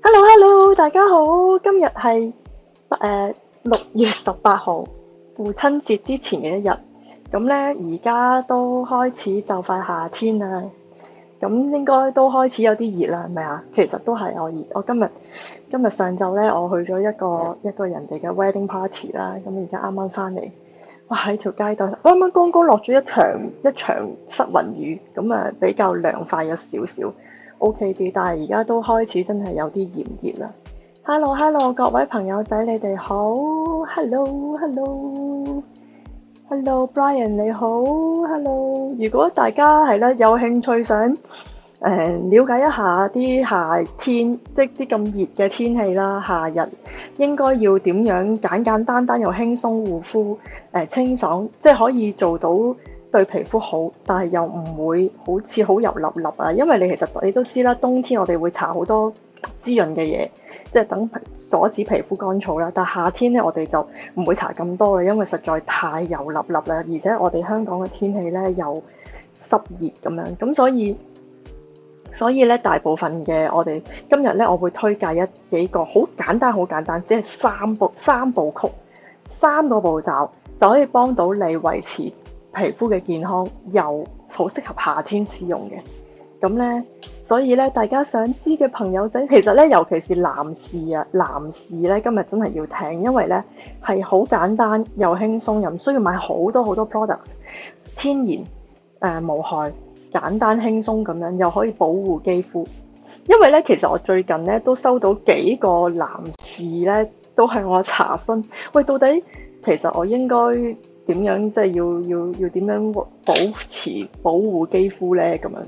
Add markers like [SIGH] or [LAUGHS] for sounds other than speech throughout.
Hello Hello，大家好，今日係誒六月十八號父親節之前嘅一日，咁咧而家都開始就快夏天啦，咁應該都開始有啲熱啦，係咪啊？其實都係我熱，我今日今日上晝咧我去咗一個一個人哋嘅 wedding party 啦，咁而家啱啱翻嚟，哇喺條街度，啱啱剛剛落咗一場一場濕雲雨，咁啊比較涼快咗少少。O、okay, K 但係而家都開始真係有啲炎熱啦。Hello Hello，各位朋友仔你哋好。Hello Hello Hello Brian 你好。Hello，如果大家係啦有興趣想、嗯、了解一下啲夏天即係啲咁熱嘅天氣啦，夏日應該要點樣簡簡單單又輕鬆護膚、呃、清爽，即係可以做到。對皮膚好，但係又唔會好似好油立立啊。因為你其實你都知啦，冬天我哋會搽好多滋潤嘅嘢，即係等阻止皮膚乾燥啦。但係夏天呢，我哋就唔會搽咁多啦，因為實在太油立立啦，而且我哋香港嘅天氣呢又濕熱咁樣咁，所以所以呢，大部分嘅我哋今日呢，我會推介一幾個好簡單、好簡單，只係三步、三部曲三個步驟就可以幫到你維持。皮膚嘅健康又好適合夏天使用嘅，咁呢，所以咧，大家想知嘅朋友仔，其實咧，尤其是男士啊，男士咧，今日真係要聽，因為咧係好簡單又輕鬆，又唔需要買好多好多 products，天然誒、呃、無害，簡單輕鬆咁樣，又可以保護肌膚。因為咧，其實我最近咧都收到幾個男士咧，都向我查詢，喂，到底其實我應該。點樣即係要要要點樣保持保護肌膚呢？咁樣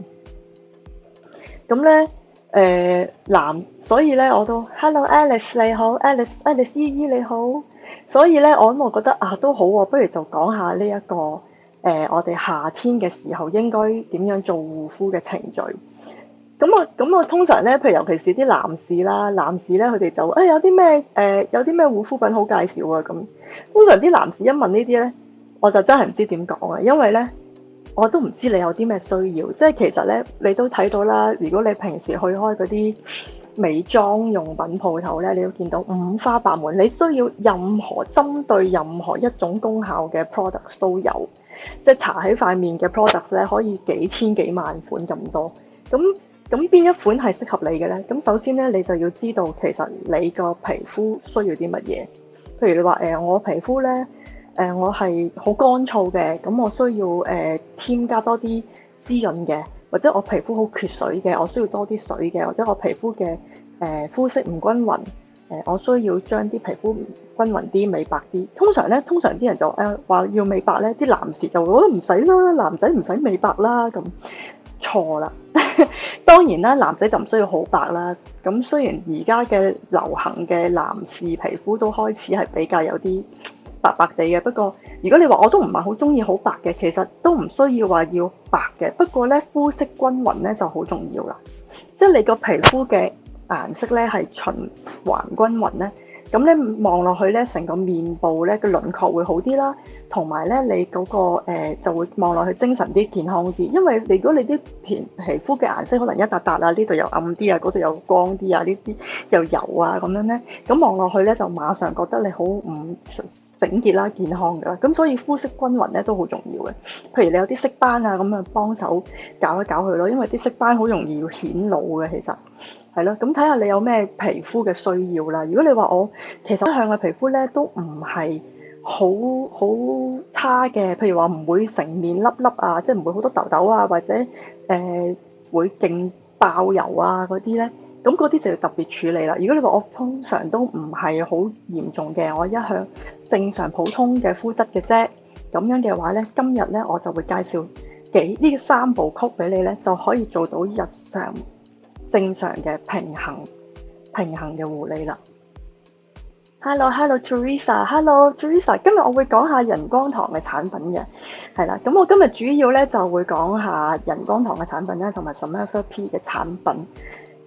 咁呢？誒、呃、男，所以呢，我都 Hello Alice 你好，Alice Alice 依、e, 依你好。所以呢，我諗我覺得啊都好喎，不如就講下呢、這、一個誒、呃、我哋夏天嘅時候應該點樣做護膚嘅程序。咁我咁我通常呢，譬如尤其是啲男士啦，男士呢，佢哋就誒、哎、有啲咩誒有啲咩護膚品好介紹啊咁。通常啲男士一問呢啲呢。我就真係唔知點講啊，因為呢，我都唔知你有啲咩需要。即係其實呢，你都睇到啦。如果你平時去開嗰啲美妝用品鋪頭呢，你都見到五花八門。你需要任何針對任何一種功效嘅 products 都有，即係搽喺塊面嘅 products 呢，可以幾千幾萬款咁多。咁咁邊一款係適合你嘅呢？咁首先呢，你就要知道其實你個皮膚需要啲乜嘢。譬如你話，呃，我皮膚呢。誒、呃、我係好乾燥嘅，咁我需要誒、呃、添加多啲滋潤嘅，或者我皮膚好缺水嘅，我需要多啲水嘅，或者我皮膚嘅誒、呃、膚色唔均勻，誒、呃、我需要將啲皮膚均勻啲、美白啲。通常咧，通常啲人就誒話要美白咧，啲男士就覺得唔使啦，男仔唔使美白啦，咁錯啦。 [LAUGHS] 當然啦，男仔就唔需要好白啦。咁雖然而家嘅流行嘅男士皮膚都開始係比較有啲。白白地嘅，不過如果你話我都唔係好中意好白嘅，其實都唔需要話要白嘅。不過咧膚色均勻咧就好重要啦，即係你個皮膚嘅顏色咧係循環均勻咧。咁咧望落去咧，成個面部咧個輪廓會好啲啦，同埋咧你嗰、嗰個、呃、就會望落去精神啲、健康啲。因為你如果你啲皮皮膚嘅顏色可能一笪笪啊，呢度又暗啲啊，嗰度又光啲啊，呢啲又油啊咁樣咧，咁望落去咧就馬上覺得你好唔整潔啦、健康噶啦。咁所以膚色均勻咧都好重要嘅。譬如你有啲色斑啊，咁樣幫手搞一搞佢咯，因為啲色斑好容易顯顯老嘅，其實。係咯，咁睇下你有咩皮膚嘅需要啦。如果你話我其實一向嘅皮膚咧都唔係好好差嘅，譬如話唔會成面粒粒啊，即係唔會好多痘痘啊，或者誒、呃、會勁爆油啊嗰啲咧，咁嗰啲就要特別處理啦。如果你話我通常都唔係好嚴重嘅，我一向正常普通嘅膚質嘅啫，咁樣嘅話咧，今日咧我就會介紹幾呢三部曲俾你咧，就可以做到日常。正常嘅平衡，平衡嘅護理啦。Hello，Hello，Teresa，Hello，Teresa Hello, Teresa。今日我會講下仁光堂嘅產品嘅，係啦。咁我今日主要咧就會講下仁光堂嘅產品啦，同埋 s m e For P 嘅產品。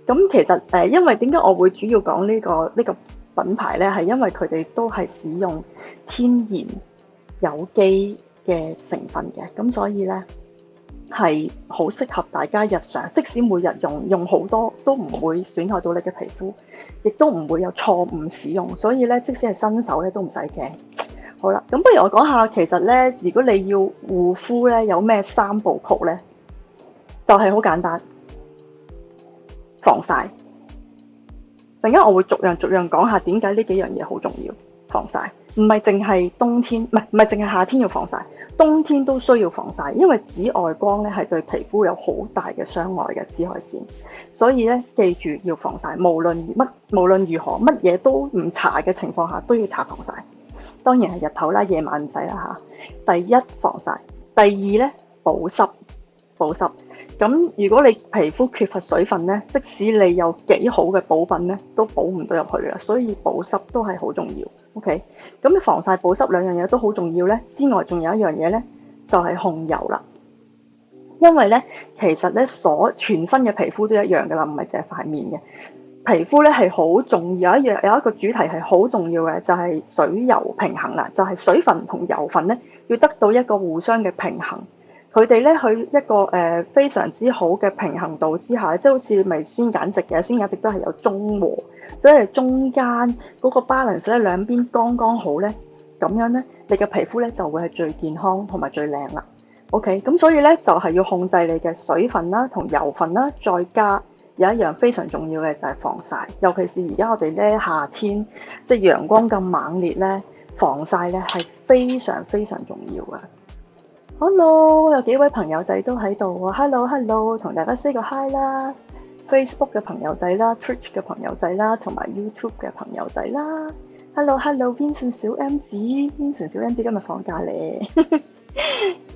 咁其實，誒、呃，因為點解我會主要講呢、呢個呢、呢個品牌咧，係因為佢哋都係使用天然有機嘅成分嘅，咁所以咧。係好適合大家日常，即使每日用用好多都唔會損害到你嘅皮膚，亦都唔會有錯誤使用。所以咧，即使係新手咧都唔使驚。好啦，咁不如我講下，其實咧，如果你要護膚咧，有咩三部曲咧，就係、是、好簡單，防曬。陣間我會逐樣逐樣講下點解呢幾樣嘢好重要。防曬唔係淨係冬天，唔係，唔係淨係夏天要防曬。冬天都需要防晒，因為紫外光咧係對皮膚有好大嘅傷害嘅紫外線，所以咧記住要防曬，無論乜，無論如何乜嘢都唔搽嘅情況下都要搽防曬。當然係日頭啦，夜晚唔使啦嚇。第一防曬，第二咧保濕，保濕。保濕咁如果你皮膚缺乏水分咧，即使你有幾好嘅補品咧，都補唔到入去啊！所以保濕都係好重要，OK？咁防曬保濕兩樣嘢都好重要咧。之外，仲有一樣嘢咧，就係控油啦。因為咧，其實咧，所全身嘅皮膚都一樣噶啦，唔係淨係塊面嘅皮膚咧，係好重要。有一樣有一個主題係好重要嘅，就係水油平衡啦。就係水分同油分咧，要得到一個互相嘅平衡。佢哋咧，喺一個誒、呃、非常之好嘅平衡度之下，即係好似微酸、鹼值嘅酸、鹼值都係有中和，即係中間嗰個 balance 咧，兩邊剛剛好咧，咁樣咧，你嘅皮膚咧就會係最健康同埋最靚啦。OK，咁所以咧就係要控制你嘅水分啦，同油分啦，再加有一樣非常重要嘅就係防曬，尤其是而家我哋咧夏天，即係陽光咁猛烈咧，防曬咧係非常非常重要嘅。Hello，有幾位朋友仔都喺度啊！Hello，Hello，同大家 say 個 hi 啦！Facebook 嘅朋友仔啦，Twitch 嘅朋友仔啦，同埋 YouTube 嘅朋友仔啦！Hello，Hello，Vincent 小 M 子，Vincent 小 M 子今日放假咧，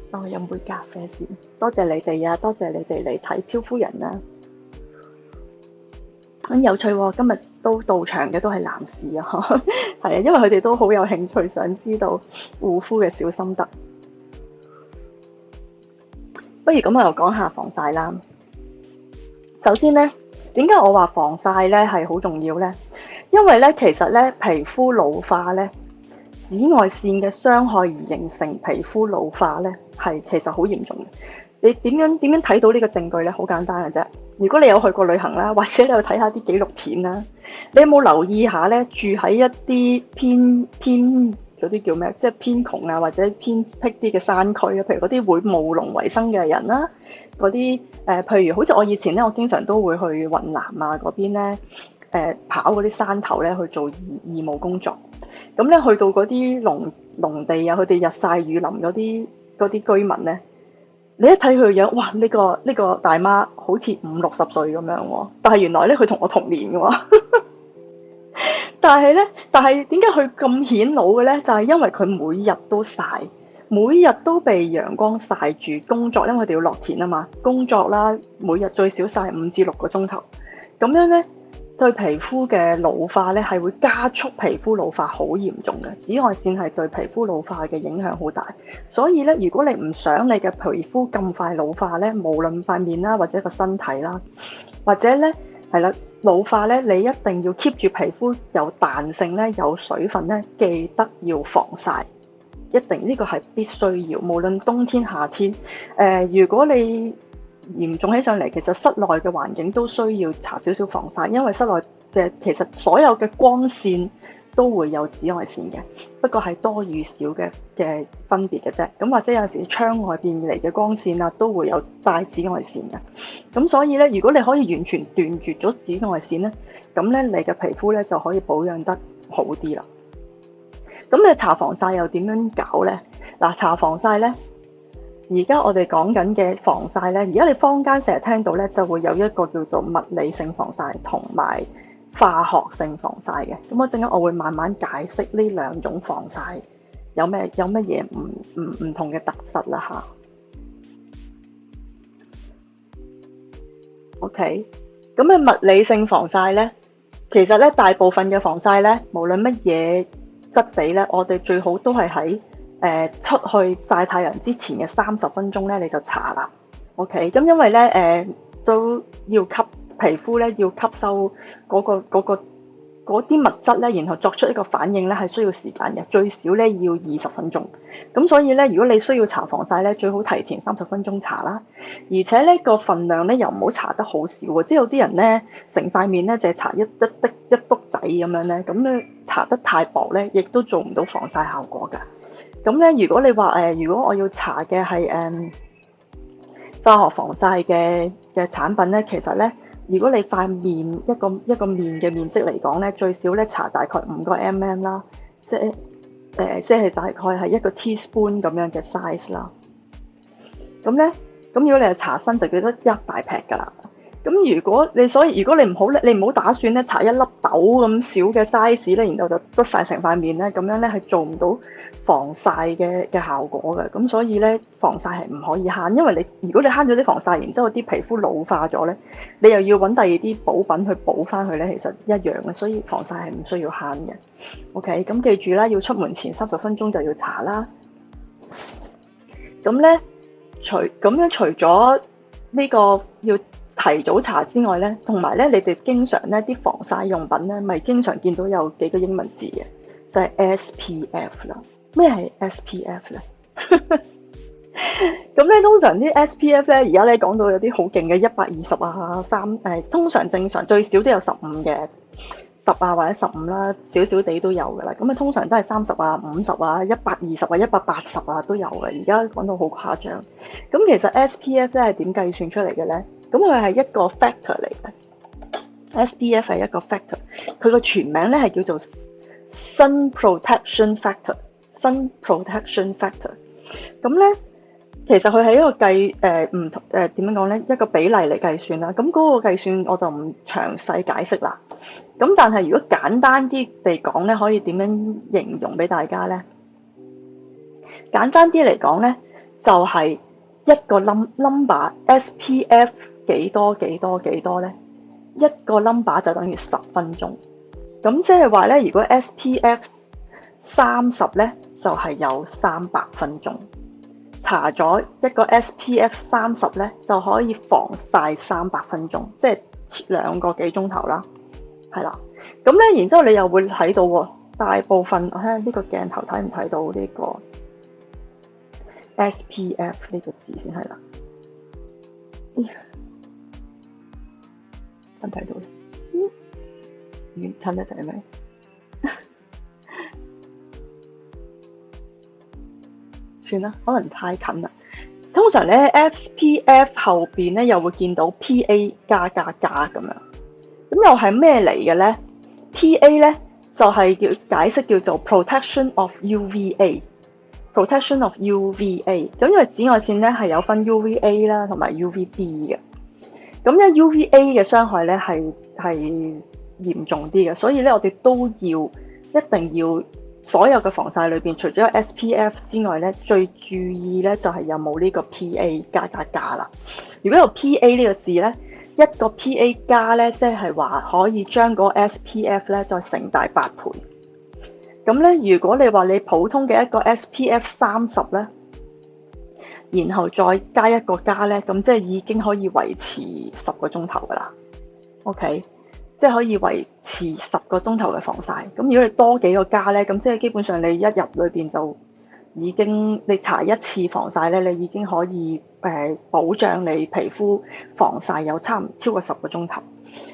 幫 [LAUGHS] 我飲杯咖啡先。多謝你哋啊，多謝你哋嚟睇漂夫人啦。咁、啊嗯、有趣喎、哦，今日都到場嘅都係男士啊，係 [LAUGHS] 啊，因為佢哋都好有興趣，想知道護膚嘅小心得。不如咁我又講下防曬啦。首先呢，點解我話防曬呢係好重要呢？因為呢，其實呢，皮膚老化呢，紫外綫嘅傷害而形成皮膚老化呢，係其實好嚴重嘅。你點樣點樣睇到呢個證據呢？好簡單嘅啫。如果你有去過旅行啦，或者你去睇下啲紀錄片啦，你有冇留意下呢？住喺一啲偏偏？偏嗰啲叫咩？即係偏窮啊，或者偏僻啲嘅山區啊，譬如嗰啲會務農為生嘅人啦、啊，嗰啲誒，譬如好似我以前咧，我經常都會去雲南啊嗰邊咧，誒、呃、跑嗰啲山頭咧去做義義務工作。咁、嗯、咧去到嗰啲農農地啊，佢哋日曬雨淋嗰啲啲居民咧，你一睇佢嘅樣，哇！呢、呢個呢、呢個大媽好似五六十歲咁樣喎、啊，但係原來咧佢同我同年嘅喎。但係咧，但係點解佢咁顯老嘅咧？就係因為佢每日都曬，每日都被陽光曬住工作，因為佢哋要落田啊嘛，工作啦，每日最少曬五至六個鐘頭，咁樣咧對皮膚嘅老化咧係會加速皮膚老化，好嚴重嘅。紫外線係對皮膚老化嘅影響好大，所以咧，如果你唔想你嘅皮膚咁快老化咧，無論塊面啦，或者個身體啦，或者咧。係啦，老化咧，你一定要 keep 住皮膚有彈性咧，有水分咧，記得要防曬，一定呢個係必須要，無論冬天夏天、呃。如果你嚴重起上嚟，其實室內嘅環境都需要搽少少防曬，因為室內嘅其實所有嘅光線，都會有紫外線嘅，不過係多與少嘅嘅分別嘅啫。咁或者有時窗外邊嚟嘅光線啊，都會有帶紫外線嘅。咁所以呢，如果你可以完全斷絕咗紫外線呢，咁呢，你嘅皮膚呢就可以保養得好啲啦。咁你搽防曬又點樣搞呢？嗱，搽防曬呢，而家我哋講緊嘅防曬呢，而家你坊間成日聽到呢，就會有一個叫做物理性防曬同埋化學性防曬嘅，咁我陣間我會慢慢解釋呢兩種防曬有咩有乜嘢唔唔唔同嘅特質啦吓。OK，咁嘅物理性防曬咧，其實咧大部分嘅防曬咧，無論乜嘢質地咧，我哋最好都係喺誒出去曬太陽之前嘅三十分鐘咧，你就搽啦。OK，咁因為咧誒、呃、都要吸。皮膚咧要吸收嗰、嗰個嗰啲、嗰個、物質咧，然後作出一個反應咧，係需要時間嘅，最少咧要二十分鐘。咁所以咧，如果你需要搽防曬咧，最好提前三十分鐘搽啦。而且咧、這個份量咧又唔好搽得好少喎，即有啲人咧成塊面咧就係搽一一滴一篤仔咁樣咧，咁咧搽得太薄咧，亦都做唔到防曬效果㗎。咁咧，如果你話誒、呃，如果我要搽嘅係誒化學防曬嘅嘅產品咧，其實咧～如果你塊面一個一個面嘅面積嚟講咧，最少咧搽大概五個 mm 啦、呃，即係誒，即係大概係一個 teaspoon 咁樣嘅 size 啦。咁咧，咁如果你係搽身就叫做一大撇㗎啦。咁如果你所以，如果你唔好咧，你唔好打算咧搽一粒豆咁小嘅 size 咧，然後就捽晒成塊面咧，咁樣咧係做唔到防晒嘅嘅效果嘅。咁所以咧，防晒係唔可以慳，因為你如果你慳咗啲防晒，然之後啲皮膚老化咗咧，你又要揾第二啲補品去補翻佢咧，其實一樣嘅。所以防晒係唔需要慳嘅。OK，咁記住啦，要出門前三十分鐘就要搽啦。咁咧，除咁樣除咗呢個要。提早查之外咧，同埋咧，你哋經常咧啲防曬用品咧，咪經常見到有幾個英文字嘅，就係 SPF 啦。咩係 SPF 咧？咁咧，通常啲 SPF 咧，而家咧講到有啲好勁嘅，一百二十啊，三誒，通常正常最少都有十五嘅十啊，或者十五啦，少少地都有噶啦。咁啊，通常都係三十啊，五十啊，一百二十啊、一百八十啊都有嘅。而家講到好誇張。咁其實 SPF 咧係點計算出嚟嘅咧？咁佢係一個 factor 嚟嘅，SPF 係一個 factor。佢個全名咧係叫做 sun protection factor，sun protection factor。咁咧，其實佢係一個計誒唔誒點樣講咧，一個比例嚟計算啦。咁嗰個計算我就唔詳細解釋啦。咁但係如果簡單啲地講咧，可以點樣形容俾大家咧？簡單啲嚟講咧，就係一個 number，SPF。幾多幾多幾多咧？一個 number 就等於十分鐘，咁即係話咧，如果 SPF 三十咧，就係有三百分鐘。查咗一個 SPF 三十咧，就可以防曬三百分鐘，即係兩個幾鐘頭啦，係啦。咁咧，然之後你又會睇到喎，大部分，我睇下呢個鏡頭睇唔睇到呢個 SPF 呢個字先係啦。睇到，啦、嗯，你查下睇下算啦，可能太近啦。通常咧 SPF 後邊咧又會見到 PA 加加加咁樣，咁又係咩嚟嘅咧？PA 咧就係、是、叫解釋叫做 Protection of UVA，Protection of UVA。咁因為紫外線咧係有分 UVA 啦同埋 UVB 嘅。咁咧 UVA 嘅傷害咧係係嚴重啲嘅，所以咧我哋都要一定要所有嘅防曬裏邊，除咗有 SPF 之外咧，最注意咧就係、是、有冇呢個 PA 加加加啦。如果有 PA 呢個字咧，一個 PA 加咧，即係話可以將嗰個 SPF 咧再乘大八倍。咁咧，如果你話你普通嘅一個 SPF 三十咧。然後再加一個加呢，咁即係已經可以維持十個鐘頭噶啦。OK，即係可以維持十個鐘頭嘅防曬。咁如果你多幾個加呢，咁即係基本上你一入裏邊就已經你搽一次防曬呢，你已經可以誒保障你皮膚防曬有差唔超過十個鐘頭。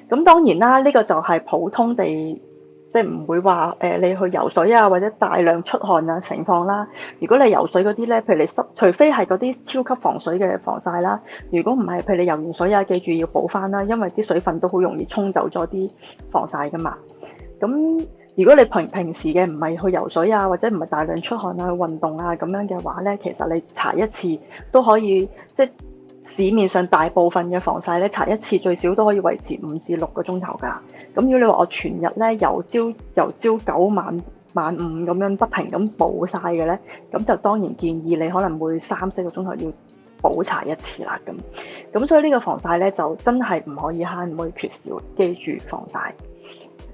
咁當然啦，呢個就係普通地。即係唔會話誒、呃，你去游水啊，或者大量出汗啊情況啦。如果你游水嗰啲呢，譬如你濕，除非係嗰啲超級防水嘅防曬啦。如果唔係，譬如你游完水啊，記住要補翻啦，因為啲水分都好容易沖走咗啲防曬噶嘛。咁如果你平平時嘅唔係去游水啊，或者唔係大量出汗啊，去運動啊咁樣嘅話呢，其實你搽一次都可以，即市面上大部分嘅防曬咧，搽一次最少都可以維持五至六個鐘頭㗎。咁如果你話我全日咧，由朝由朝九晚晚五咁樣不停咁補晒嘅咧，咁就當然建議你可能會三四個鐘頭要補搽一次啦。咁咁所以呢個防曬咧就真係唔可以慳，唔可以缺少。記住防曬。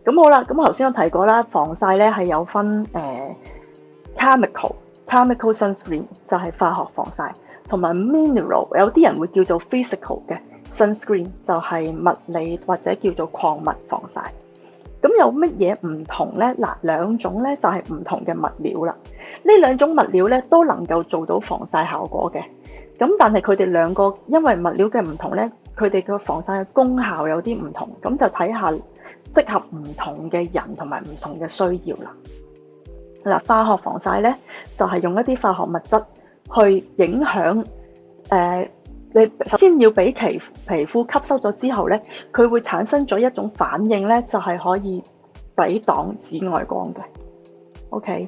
咁好啦，咁頭先我提過啦，防曬咧係有分誒 chemical、欸、chemical sunscreen 就係化學防曬。同埋 mineral，有啲人會叫做 physical 嘅 sunscreen 就係物理或者叫做礦物防曬。咁有乜嘢唔同呢？嗱，兩種呢就係唔同嘅物料啦。呢兩種物料呢都能夠做到防曬效果嘅。咁但係佢哋兩個因為物料嘅唔同呢，佢哋嘅防曬嘅功效有啲唔同。咁就睇下適合唔同嘅人同埋唔同嘅需要啦。嗱，化學防曬呢，就係用一啲化學物質。去影響、呃，你先要俾皮皮膚吸收咗之後呢，佢會產生咗一種反應呢，就係、是、可以抵擋紫外光嘅。OK，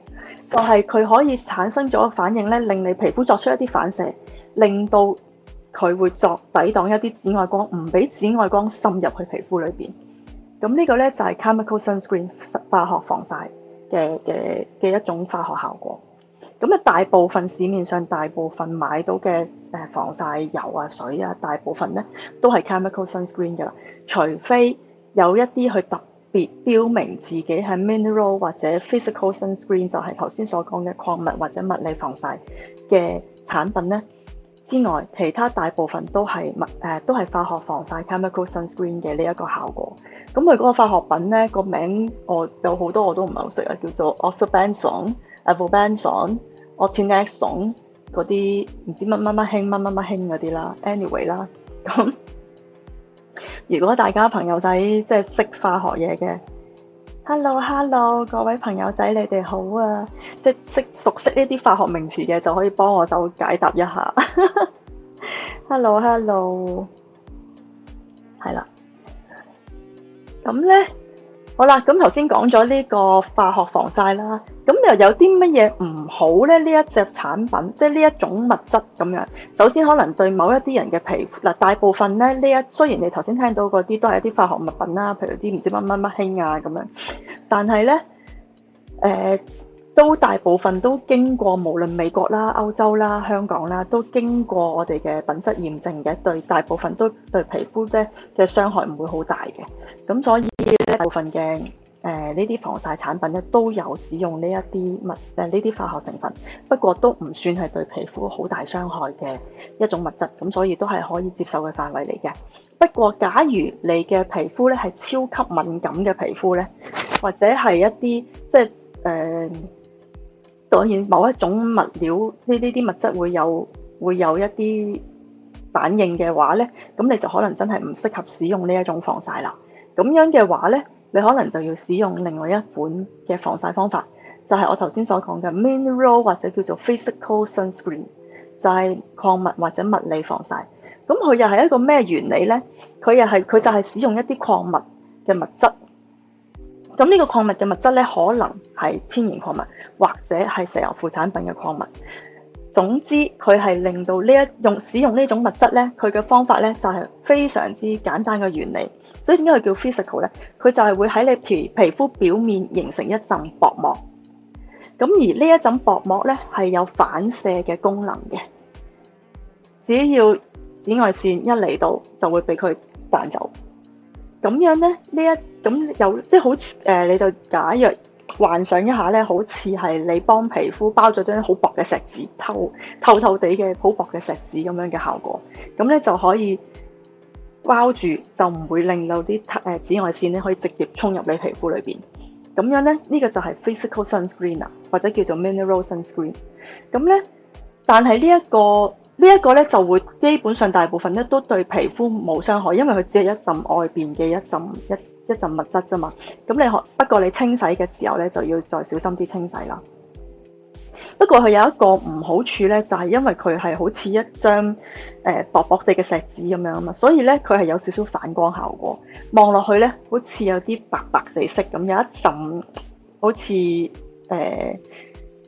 就係佢可以產生咗反應呢，令你皮膚作出一啲反射，令到佢會作抵擋一啲紫外光，唔俾紫外光滲入去皮膚裏面。咁呢個呢，就係、是、chemical sunscreen 化學防曬嘅嘅嘅一種化學效果。咁啊，大部分市面上大部分買到嘅，呃、防曬油啊、水啊，大部分咧都係 chemical sunscreen 嘅啦，除非有一啲去特別標明自己係 mineral 或者 physical sunscreen，就係頭先所講嘅礦物或者物理防曬嘅產品咧之外，其他大部分都係物誒都係化學防曬 chemical sunscreen 嘅呢一個效果。咁佢嗰個化學品咧、個名，我有好多我都唔係好識啊，叫做 oxybenzone Evolution or next song 啲唔知乜乜乜興乜乜乜興啲啦。Anyway 啦，咁如果大家朋友仔即係識化學嘢嘅，Hello Hello，各位朋友仔你哋好啊！即係識熟悉呢啲化學名詞嘅，就可以幫我手解答一下。哈哈 Hello Hello，係啦，咁咧好啦，咁頭先講咗呢個化學防曬啦。咁又有啲乜嘢唔好咧？呢一隻產品，即係呢一種物質咁樣。首先可能對某一啲人嘅皮膚，嗱大部分咧呢一，雖然你頭先聽到嗰啲都係一啲化學物品啦，譬如啲唔知乜乜乜興啊咁樣，但係咧，誒、呃、都大部分都經過無論美國啦、歐洲啦、香港啦，都經過我哋嘅品質驗證嘅，對大部分都對皮膚咧嘅傷害唔會好大嘅。咁所以咧，大部分嘅。誒、呃，呢啲防曬產品咧都有使用呢一啲物誒，呢啲化學成分，不過都唔算係對皮膚好大傷害嘅一種物質，咁所以都係可以接受嘅範圍嚟嘅。不過，假如你嘅皮膚咧係超級敏感嘅皮膚咧，或者係一啲即係誒、呃，當然某一種物料呢呢啲物質會有會有一啲反應嘅話咧，咁你就可能真係唔適合使用呢一種防曬啦。咁樣嘅話咧。你可能就要使用另外一款嘅防曬方法，就係我頭先所講嘅 mineral 或者叫做 physical sunscreen，就係礦物或者物理防曬。咁佢又係一個咩原理咧？佢又係佢就係使用一啲礦物嘅物質。咁呢個礦物嘅物質咧，可能係天然礦物或者係石油副產品嘅礦物。總之，佢係令到呢一用使用呢種物質咧，佢嘅方法咧就係非常之簡單嘅原理。所以點解佢叫 physical 咧？佢就係會喺你皮皮膚表面形成一陣薄膜，咁而呢一陣薄膜咧係有反射嘅功能嘅。只要紫外線一嚟到，就會俾佢彈走。咁樣咧，呢一咁有即係好似誒、呃，你就假若幻想一下咧，好似係你幫皮膚包咗張好薄嘅錫紙，透透透地嘅好薄嘅錫紙咁樣嘅效果，咁咧就可以。包住就唔會令到啲誒紫外線咧可以直接衝入你皮膚裏邊，咁樣咧呢個就係 physical sunscreen 或者叫做 mineral sunscreen。咁咧，但係呢一個呢一個咧就會基本上大部分咧都對皮膚冇傷害，因為佢只係一浸外邊嘅一浸一一浸物質啫嘛。咁你不過你清洗嘅時候咧就要再小心啲清洗啦。不過佢有一個唔好處咧，就係、是、因為佢係好似一張誒、呃、薄薄地嘅石紙咁樣啊嘛，所以咧佢係有少少反光效果，望落去咧好似有啲白白地色咁、嗯，有一陣好似誒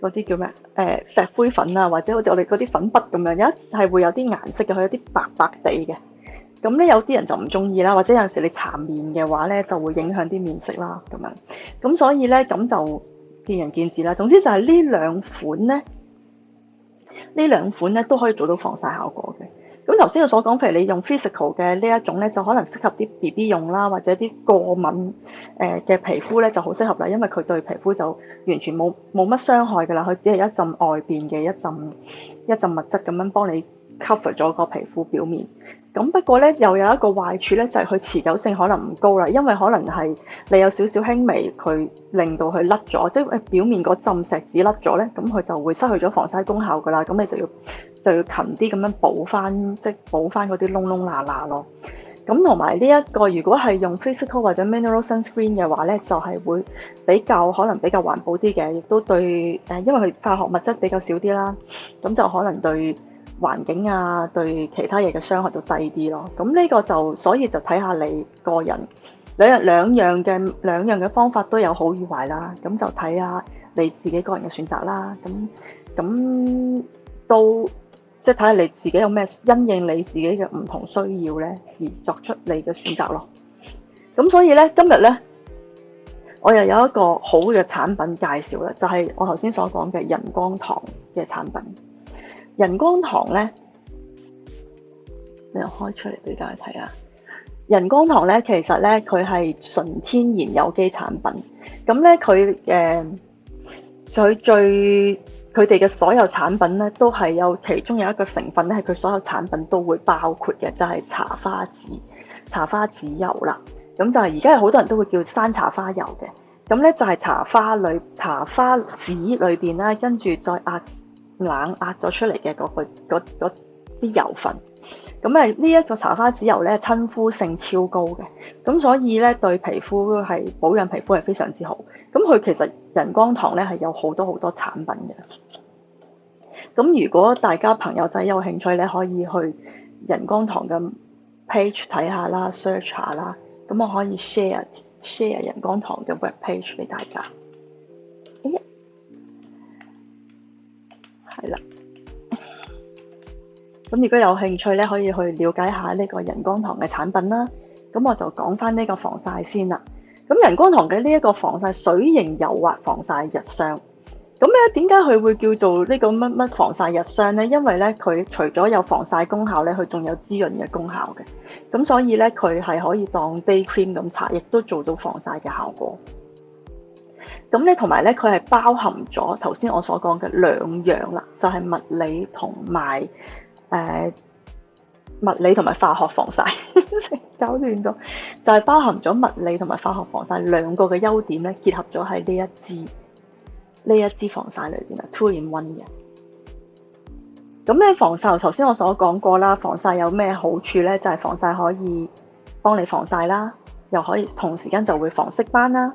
嗰啲叫咩啊、呃、石灰粉啊，或者好似我哋嗰啲粉筆咁樣，有一係會有啲顏色嘅，佢有啲白白地嘅。咁、嗯、咧有啲人就唔中意啦，或者有陣時你搽面嘅話咧，就會影響啲面色啦咁樣。咁、嗯、所以咧咁就。見仁見智啦，總之就係呢兩款咧，呢兩款咧都可以做到防曬效果嘅。咁頭先我所講，譬如你用 physical 嘅呢一種咧，就可能適合啲 BB 用啦，或者啲過敏誒嘅皮膚咧就好適合啦，因為佢對皮膚就完全冇冇乜傷害噶啦，佢只係一浸外邊嘅一浸一浸物質咁樣幫你 cover 咗個皮膚表面。咁不過咧，又有一個壞處咧，就係佢持久性可能唔高啦，因為可能係你有少少輕微，佢令到佢甩咗，即係表面嗰浸石子甩咗咧，咁佢就會失去咗防曬功效噶啦。咁你就要就要勤啲咁樣補翻，即係補翻嗰啲窿窿罅罅咯。咁同埋呢一個，如果係用 physical 或者 mineral sunscreen 嘅話咧，就係會比較可能比較環保啲嘅，亦都對誒，因為佢化學物質比較少啲啦，咁就可能對。環境啊，對其他嘢嘅傷害都低啲咯。咁呢個就所以就睇下你個人兩兩樣嘅兩樣嘅方法都有好與壞啦。咁就睇下你自己個人嘅選擇啦。咁咁都即係睇下你自己有咩因應你自己嘅唔同需要呢，而作出你嘅選擇咯。咁所以呢，今日呢，我又有一個好嘅產品介紹喇，就係、是、我頭先所講嘅人光堂嘅產品。人光堂咧，你又開出嚟，俾大家睇啊。人光堂咧，其實咧，佢係純天然有機產品，咁咧，佢誒，佢、嗯、最佢哋嘅所有產品咧，都係有其中有一個成分咧，係佢所有產品都會包括嘅，就係、是、茶花籽、茶花籽油啦。咁就係而家有好多人都會叫山茶花油嘅。咁咧就係茶花裏茶花籽裏邊啦，跟住再壓。冷壓咗出嚟嘅嗰個嗰啲油分，咁啊呢一個茶花籽油咧，親膚性超高嘅，咁所以咧對皮膚係保養皮膚係非常之好。咁佢其實人光堂咧係有好多好多產品嘅。咁如果大家朋友仔有興趣咧，可以去人光堂嘅 page 睇下啦，search 下啦。咁我可以 share share 仁光堂嘅 web page 俾大家。係啦，咁如果有興趣咧，可以去了解下呢個人光堂嘅產品啦。咁我就講翻呢個防曬先啦。咁人光堂嘅呢一個防曬水型油滑防曬日霜，咁咧點解佢會叫做呢個乜乜防曬日霜呢？因為咧佢除咗有防曬功效咧，佢仲有滋潤嘅功效嘅。咁所以咧，佢係可以當 day cream 咁搽，亦都做到防曬嘅效果。咁咧，同埋咧，佢係包含咗頭先我所講嘅兩樣啦，就係物理同埋誒物理同埋化學防曬， [LAUGHS] 搞亂咗，就係包含咗物理同埋化學防曬兩個嘅優點咧，結合咗喺呢一支呢一支防曬裏邊啦，two in one 嘅。咁咧，防曬頭先我所講過啦，防曬有咩好處咧？就係防曬可以幫你防曬啦，又可以同時間就會防色斑啦。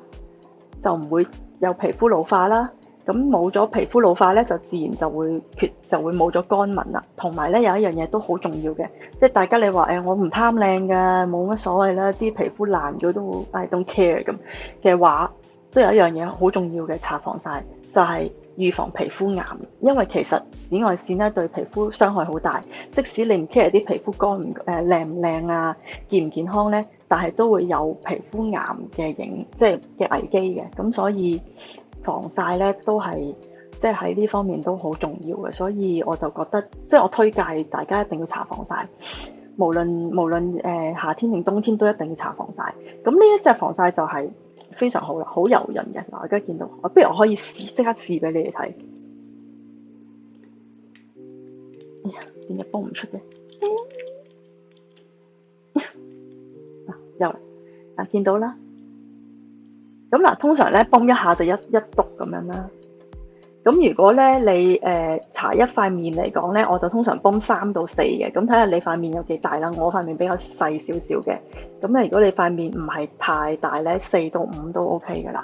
就唔會有皮膚老化啦，咁冇咗皮膚老化呢，就自然就會缺，就會冇咗乾紋啦。同埋呢，有一樣嘢都好重要嘅，即係大家你話誒、哎，我唔貪靚㗎，冇乜所謂啦，啲皮膚爛咗都 I don't care 咁嘅話，都有一樣嘢好重要嘅，搽防曬就係預防皮膚癌，因為其實紫外線呢，對皮膚傷害好大，即使你唔 care 啲皮膚乾唔誒靚唔靚啊，健唔健康呢。但係都會有皮膚癌嘅影，即係嘅危機嘅，咁所以防曬咧都係即係喺呢方面都好重要嘅，所以我就覺得即係、就是、我推介大家一定要搽防曬，無論無論誒、呃、夏天定冬天都一定要搽防曬。咁呢一隻防曬就係非常好嘅，好柔潤嘅。嗱，我而家見到，我不如我可以即刻試俾你哋睇。哎呀，點解幫唔出嘅？又啊，看見到啦。咁嗱，通常咧，泵一下就一一篤咁樣啦。咁如果咧，你誒搽、呃、一塊面嚟講咧，我就通常泵三到四嘅。咁睇下你塊面有幾大啦。我塊面比較細少少嘅。咁咧，如果你塊面唔係太大咧，四到五都 OK 噶啦。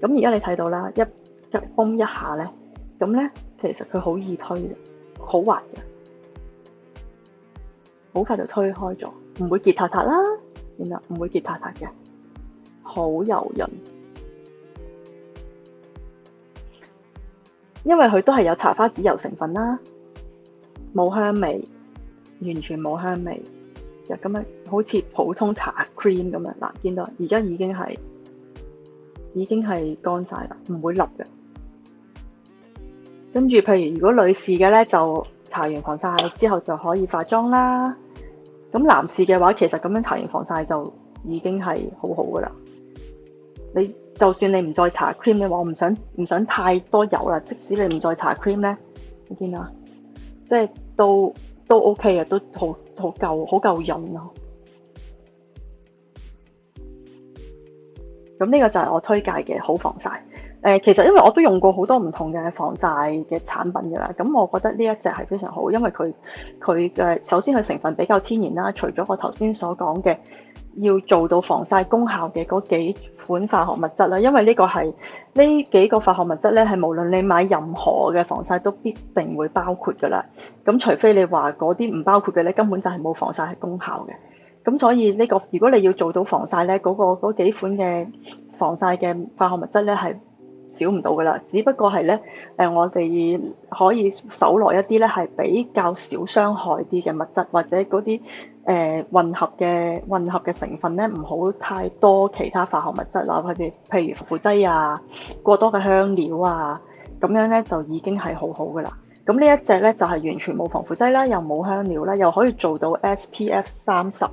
咁而家你睇到啦，一一泵一下咧，咁咧其實佢好易推嘅，好滑嘅，好快就推開咗，唔會結塔塔啦。唔會結塌塌嘅，好柔潤，因為佢都係有茶花籽油成分啦，冇香味，完全冇香味，就咁樣好似普通茶 cream 咁樣，嗱，見到。而家已經係，已經係乾晒啦，唔會笠嘅。跟住，譬如如果女士嘅咧，就搽完防曬之後就可以化妝啦。咁男士嘅話，其實咁樣搽完防曬就已經係好好㗎啦。你就算你唔再搽 cream，你話我唔想唔想太多油啦。即使你唔再搽 cream 呢，你見啊，即係都都 OK 啊，都好好夠好夠潤啊。咁呢個就係我推介嘅好防曬。誒，其實因為我都用過好多唔同嘅防曬嘅產品㗎啦，咁我覺得呢一隻係非常好，因為佢佢嘅首先佢成分比較天然啦，除咗我頭先所講嘅要做到防曬功效嘅嗰幾款化學物質啦，因為呢個係呢幾個化學物質呢，係無論你買任何嘅防曬都必定會包括㗎啦，咁除非你話嗰啲唔包括嘅呢，根本就係冇防曬功效嘅，咁所以呢個如果你要做到防曬呢，嗰個嗰幾款嘅防曬嘅化學物質呢，係，少唔到噶啦，只不過係咧，誒我哋可以搜羅一啲咧係比較少傷害啲嘅物質，或者嗰啲誒混合嘅混合嘅成分咧，唔好太多其他化學物質啦，或者譬如防腐劑啊，過多嘅香料啊，咁樣咧就已經係好好噶啦。咁呢一隻咧就係、是、完全冇防腐劑啦，又冇香料啦，又可以做到 S P F 三十，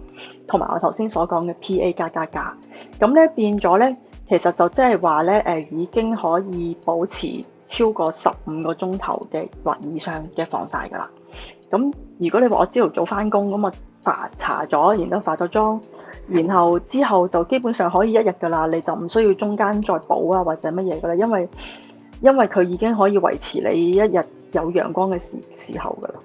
同埋我頭先所講嘅 P A 加加加，咁咧變咗咧。其實就即係話呢，誒，已經可以保持超過十五個鐘頭嘅或以上嘅防曬噶啦。咁如果你話我朝頭早翻工，咁我搽搽咗，然後化咗妝，然後之後就基本上可以一日噶啦，你就唔需要中間再補啊或者乜嘢噶啦，因為因為佢已經可以維持你一日有陽光嘅時時候噶啦。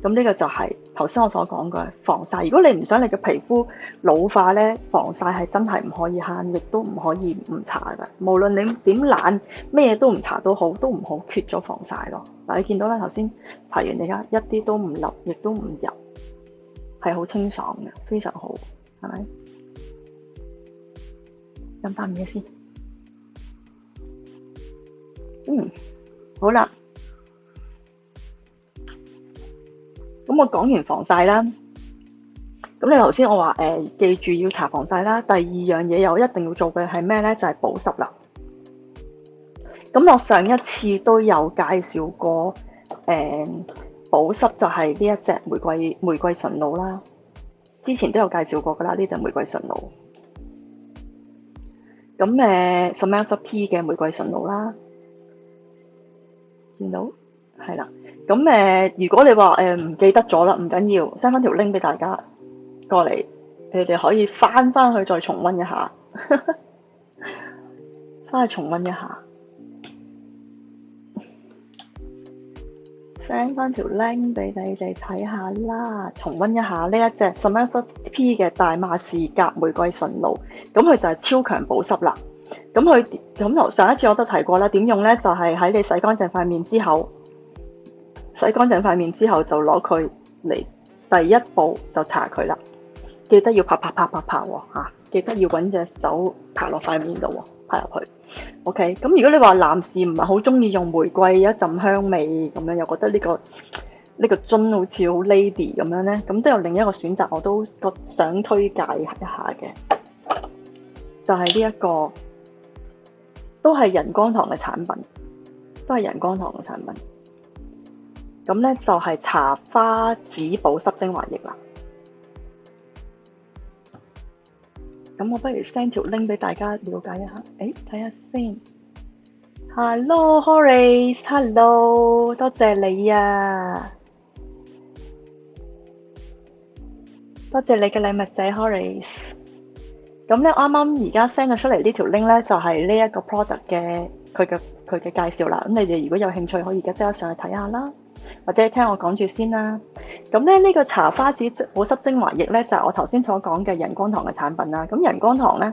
咁呢個就係頭先我所講嘅防曬。如果你唔想你嘅皮膚老化呢，防曬係真係唔可以慳，亦都唔可以唔搽㗎。無論你點懶，咩嘢都唔搽都好，都唔好缺咗防曬咯。嗱，你見到啦，頭先搽完你而家一啲都唔笠，亦都唔油，係好清爽㗎，非常好，係咪？飲啖嘢先。嗯，好啦。咁我講完防曬啦，咁你頭先我話誒、呃，記住要搽防曬啦。第二樣嘢又一定要做嘅係咩咧？就係、是、保濕啦。咁我上一次都有介紹過，誒、呃，保濕就係呢一隻玫瑰玫瑰純露啦。之前都有介紹過噶啦，呢隻玫瑰純露。咁誒、呃、，Samantha P 嘅玫瑰純露啦，見到？係啦。咁誒、呃，如果你話誒唔記得咗啦，唔緊要，send 翻條 link 俾大家過嚟，你哋可以翻翻去再重溫一下，翻去重溫一下，send 翻條 link 俾你哋睇下啦，重溫一下呢一隻 Sunsup P 嘅大馬士革玫瑰純露，咁佢就係超強保濕啦。咁佢咁同上一次我都提過啦，點用呢？就係、是、喺你洗乾淨塊面之後。洗乾淨塊面之後，就攞佢嚟，第一步就搽佢啦。記得要拍拍拍拍拍喎嚇！記得要揾隻手拍落塊面度喎，拍入去。OK，咁如果你話男士唔係好中意用玫瑰一陣香味咁樣，又覺得呢個呢個樽好似好 lady 咁樣呢，咁都有另一個選擇，我都覺想推介一下嘅，就係呢一個都係人光堂嘅產品，都係人光堂嘅產品。咁咧就係茶花籽保濕精華液啦。咁我不如 send 條 link 俾大家了解一下。誒、欸，睇下先。Hello Horace，Hello，多謝你啊，多謝你嘅禮物仔 Horace。咁咧啱啱而家 send 咗出嚟呢條 link 咧，就係呢一個 product 嘅佢嘅佢嘅介紹啦。咁你哋如果有興趣，可以而家即刻上去睇下啦。或者聽我講住先啦，咁咧呢個茶花籽保濕精華液咧就係、是、我頭先所講嘅人光堂嘅產品啦。咁人光堂咧，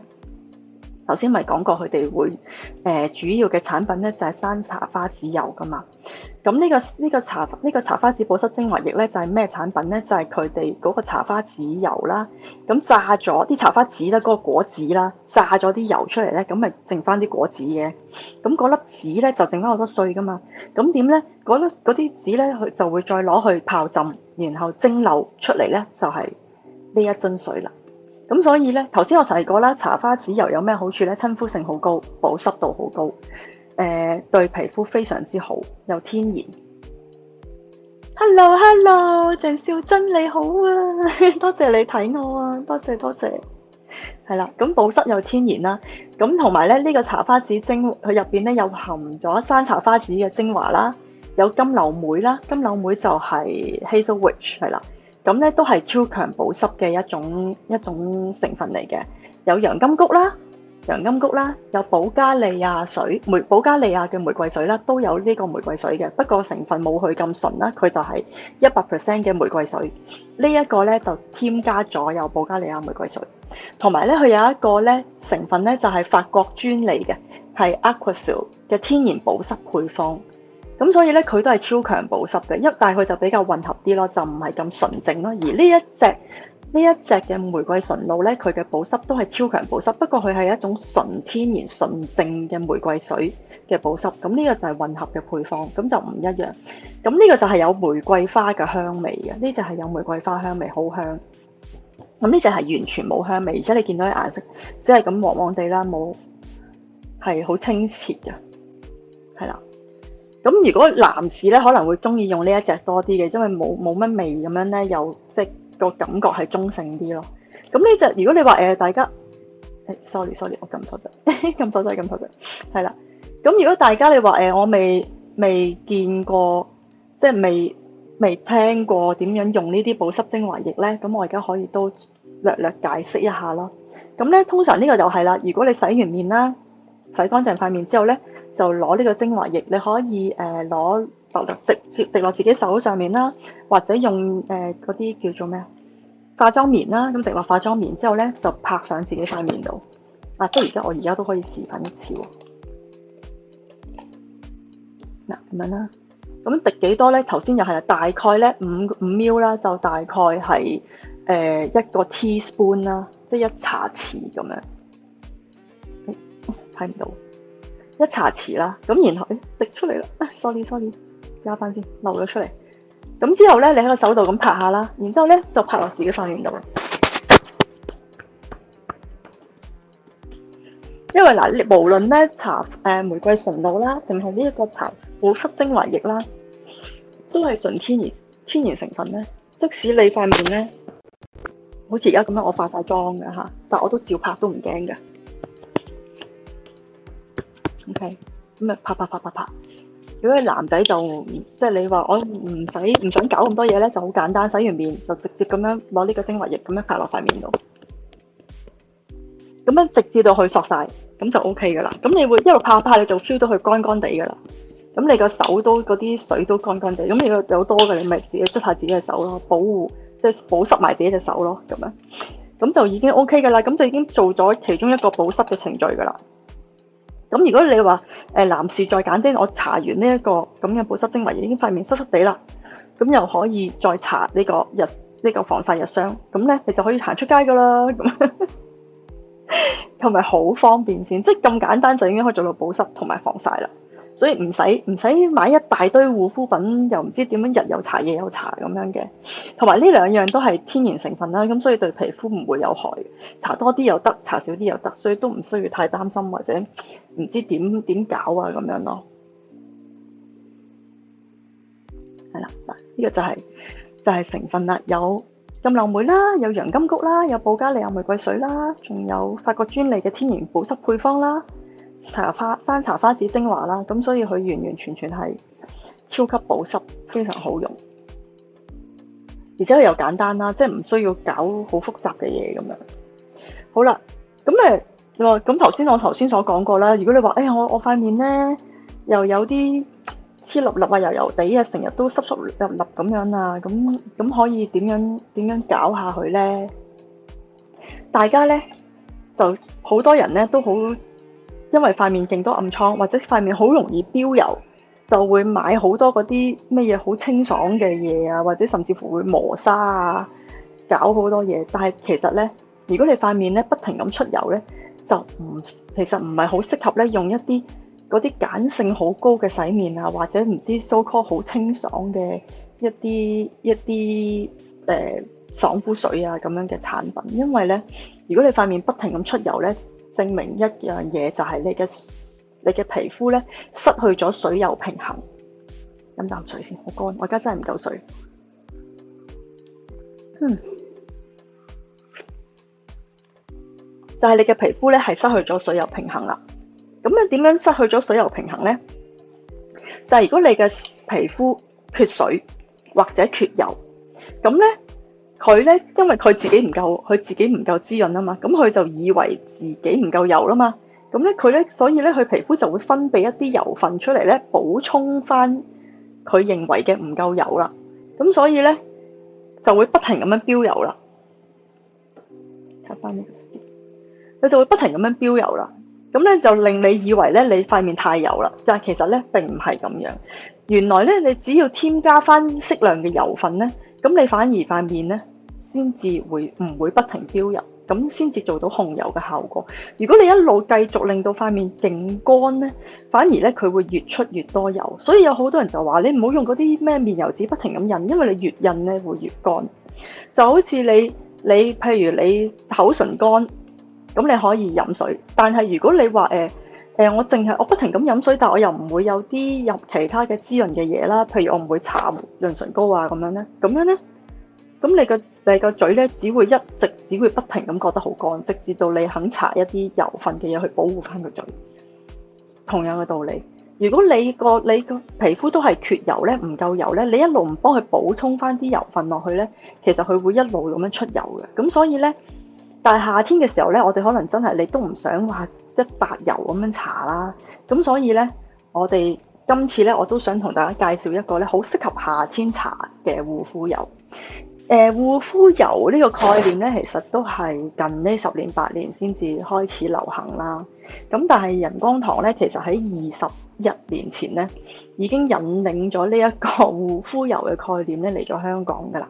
頭先咪講過佢哋會誒、呃、主要嘅產品咧就係、是、山茶花籽油噶嘛。咁呢個呢個茶呢個茶花籽保濕精華液咧，就係咩產品咧？就係佢哋嗰個茶花籽油啦。咁炸咗啲茶花籽啦，嗰個果子啦，炸咗啲油出嚟咧，咁咪剩翻啲果子嘅。咁嗰粒籽咧，就剩翻好多碎噶嘛。咁點咧？嗰粒嗰啲籽咧，佢就會再攞去泡浸，然後蒸餾出嚟咧，就係呢一樽水啦。咁所以咧，頭先我提過啦，茶花籽油有咩好處咧？親膚性好高，保濕度好高。誒、呃，對皮膚非常之好，又天然。Hello，Hello，鄭 hello，少珍你好啊，多謝你睇我啊，多謝多謝。係啦，咁保濕又天然啦，咁同埋咧呢，這個茶花籽精，佢入邊咧又含咗山茶花籽嘅精華啦，有金柳梅啦，金柳梅就係 Hazel Witch 係啦，咁咧都係超強保濕嘅一種一種成分嚟嘅，有洋甘菊啦。洋甘菊啦，有保加利亞水、玫、保加利亞嘅玫瑰水啦，都有呢個玫瑰水嘅，不過成分冇佢咁純啦，佢就係一百 percent 嘅玫瑰水。這個、呢一個咧就添加咗有保加利亞玫瑰水，同埋咧佢有一個咧成分咧就係、是、法國專利嘅係 Aquaxyl 嘅天然保濕配方，咁所以咧佢都係超強保濕嘅，一但係佢就比較混合啲咯，就唔係咁純淨咯，而呢一隻。呢一隻嘅玫瑰純露咧，佢嘅保濕都係超強保濕，不過佢係一種純天然純正嘅玫瑰水嘅保濕，咁呢個就係混合嘅配方，咁就唔一樣。咁呢個就係有玫瑰花嘅香味嘅，呢隻係有玫瑰花香味，好香。咁呢隻係完全冇香味，而且你見到啲顏色只係咁黃黃地啦，冇係好清澈嘅，係啦。咁如果男士咧，可能會中意用呢一隻多啲嘅，因為冇冇乜味咁樣咧，又即。個感覺係中性啲咯，咁呢隻如果你話誒大家，誒 sorry sorry，我撳錯咗，撳錯咗撳錯咗，係啦，咁如果大家你話誒我未未見過，即係未未聽過點樣用呢啲保濕精華液咧，咁我而家可以都略略解釋一下咯。咁咧通常呢個就係啦，如果你洗完面啦，洗乾淨塊面之後咧，就攞呢個精華液，你可以誒攞。就直接滴落自己手上面啦，或者用誒嗰啲叫做咩啊？化妝棉啦，咁滴落化妝棉之後咧，就拍上自己塊面度。啊，即係而家我而家都可以示範一次喎。嗱，咁樣啦，咁滴幾多咧？頭先又係啦，大概咧五五 mL 啦，5, 5ml，就大概係誒一個 teaspoon 啦，即係一茶匙咁、就是、樣。睇、哎、唔、哦、到，一茶匙啦。咁然後、哎、滴出嚟啦。sorry，sorry、哎。Sorry, sorry 加翻先，漏咗出嚟。咁之後咧，你喺個手度咁拍下啦，然之後咧就拍落自己塊面，呃、度啦。因為嗱，你無論咩搽，誒玫瑰純露啦，定係呢一個搽保濕精華液啦，都係純天然天然成分咧。即使你塊面咧好似而家咁樣，我化晒妝嘅吓，但我都照拍都唔驚嘅。OK，咁啊拍拍拍拍拍。拍拍拍拍如果係男仔就即係、就是、你話我唔使唔想搞咁多嘢咧，就好簡單，洗完面就直接咁樣攞呢個精華液咁樣拍落塊面度，咁樣直至到佢索晒，咁就 O K 噶啦。咁你會一路拍一拍你就 feel 到佢乾乾地噶啦。咁你個手都嗰啲水都乾乾地，咁你果有多嘅，你咪自己捽下自己嘅手咯，保護即係、就是、保濕埋自己隻手咯，咁樣咁就已經 O K 噶啦。咁就已經做咗其中一個保濕嘅程序噶啦。咁如果你話誒男士再簡單，我搽完呢一個咁嘅保濕精華已經塊面濕濕地啦，咁又可以再搽呢個日呢個防曬日霜，咁咧你就可以行出街噶啦，同埋好方便先，即係咁簡單就已經可以做到保濕同埋防曬啦。所以唔使唔使買一大堆護膚品，又唔知點樣日又搽，夜又搽咁樣嘅。同埋呢兩樣都係天然成分啦，咁所以對皮膚唔會有害。搽多啲又得，搽少啲又得，所以都唔需要太擔心或者唔知點點搞啊咁樣咯。係啦，嗱，呢個就係就係成分啦，有金縷梅啦，有洋甘菊啦，有保加利亞玫瑰水啦，仲有法國專利嘅天然保濕配方啦。茶花山茶花籽精華啦，咁所以佢完完全全係超級保濕，非常好用，而且佢又簡單啦，即係唔需要搞好複雜嘅嘢咁樣。好啦，咁誒，咁頭先我頭先所講過啦，如果你話，哎、欸、呀，我我塊面咧又有啲黐笠笠啊，油油地啊，成日都濕濕笠笠咁樣啊，咁咁可以點樣點樣搞下佢咧？大家咧就好多人咧都好。因為塊面勁多暗瘡，或者塊面好容易飆油，就會買好多嗰啲乜嘢好清爽嘅嘢啊，或者甚至乎會磨砂啊，搞好多嘢。但係其實呢，如果你塊面咧不停咁出油呢，就唔其實唔係好適合咧用一啲嗰啲鹼性好高嘅洗面啊，或者唔知 so call 好清爽嘅一啲一啲、呃、爽膚水啊咁樣嘅產品，因為呢，如果你塊面不停咁出油呢。證明一樣嘢就係、是、你嘅你嘅皮膚咧失去咗水油平衡，飲啖水先，好乾，我而家真係唔夠水。嗯，但係、是、你嘅皮膚咧係失去咗水油平衡啦。咁咧點樣失去咗水油平衡咧？就係、是、如果你嘅皮膚缺水或者缺油，咁咧。佢咧，因為佢自己唔夠，佢自己唔夠滋潤啊嘛，咁佢就以為自己唔夠油啦嘛，咁咧佢咧，所以咧佢皮膚就會分泌一啲油分出嚟咧，補充翻佢認為嘅唔夠油啦，咁所以咧就會不停咁樣飆油啦。睇翻呢個佢就會不停咁樣飆油啦，咁咧就令你以為咧你塊面太油啦，但其實咧並唔係咁樣。原來咧你只要添加翻適量嘅油分咧，咁你反而塊面咧～先至會唔會不停飆油，咁先至做到控油嘅效果。如果你一路繼續令到塊面勁乾呢，反而呢，佢會越出越多油。所以有好多人就話：你唔好用嗰啲咩面油紙不停咁印，因為你越印呢會越乾。就好似你你譬如你口唇乾，咁你可以飲水。但係如果你話誒誒，我淨係我不停咁飲水，但係我又唔會有啲入其他嘅滋潤嘅嘢啦，譬如我唔會搽潤唇膏啊咁樣呢，咁樣呢。咁你個你個嘴咧，只會一直只會不停咁覺得好乾，直至到你肯搽一啲油份嘅嘢去保護翻個嘴。同樣嘅道理，如果你個你個皮膚都係缺油咧，唔夠油咧，你一路唔幫佢補充翻啲油份落去咧，其實佢會一路咁樣出油嘅。咁所以咧，但係夏天嘅時候咧，我哋可能真係你都唔想話一笪油咁樣搽啦。咁所以咧，我哋今次咧，我都想同大家介紹一個咧，好適合夏天搽嘅護膚油。誒，護膚油呢個概念咧，其實都係近呢十年八年先至開始流行啦。咁但係人光堂咧，其實喺二十一年前咧，已經引領咗呢一個護膚油嘅概念咧嚟咗香港噶啦。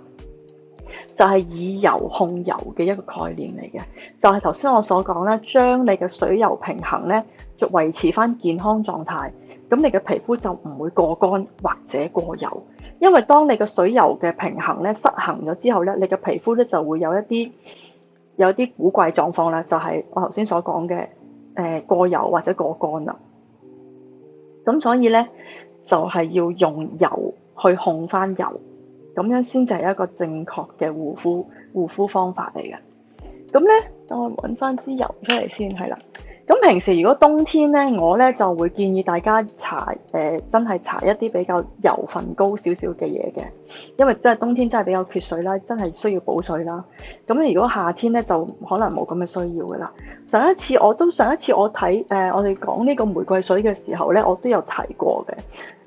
就係以油控油嘅一個概念嚟嘅，就係頭先我所講啦，將你嘅水油平衡咧，維持翻健康狀態，咁你嘅皮膚就唔會過乾或者過油。因為當你個水油嘅平衡咧失衡咗之後咧，你嘅皮膚咧就會有一啲有啲古怪狀況啦，就係我頭先所講嘅誒過油或者過乾啦。咁所以咧就係要用油去控翻油，咁樣先就係一個正確嘅護膚護膚方法嚟嘅。咁咧等我搵翻支油出嚟先係啦。咁平時如果冬天呢，我呢就會建議大家搽誒、呃，真係搽一啲比較油分高少少嘅嘢嘅，因為真係冬天真係比較缺水啦，真係需要補水啦。咁如果夏天呢，就可能冇咁嘅需要噶啦。上一次我都上一次我睇誒、呃、我哋講呢個玫瑰水嘅時候呢，我都有提過嘅，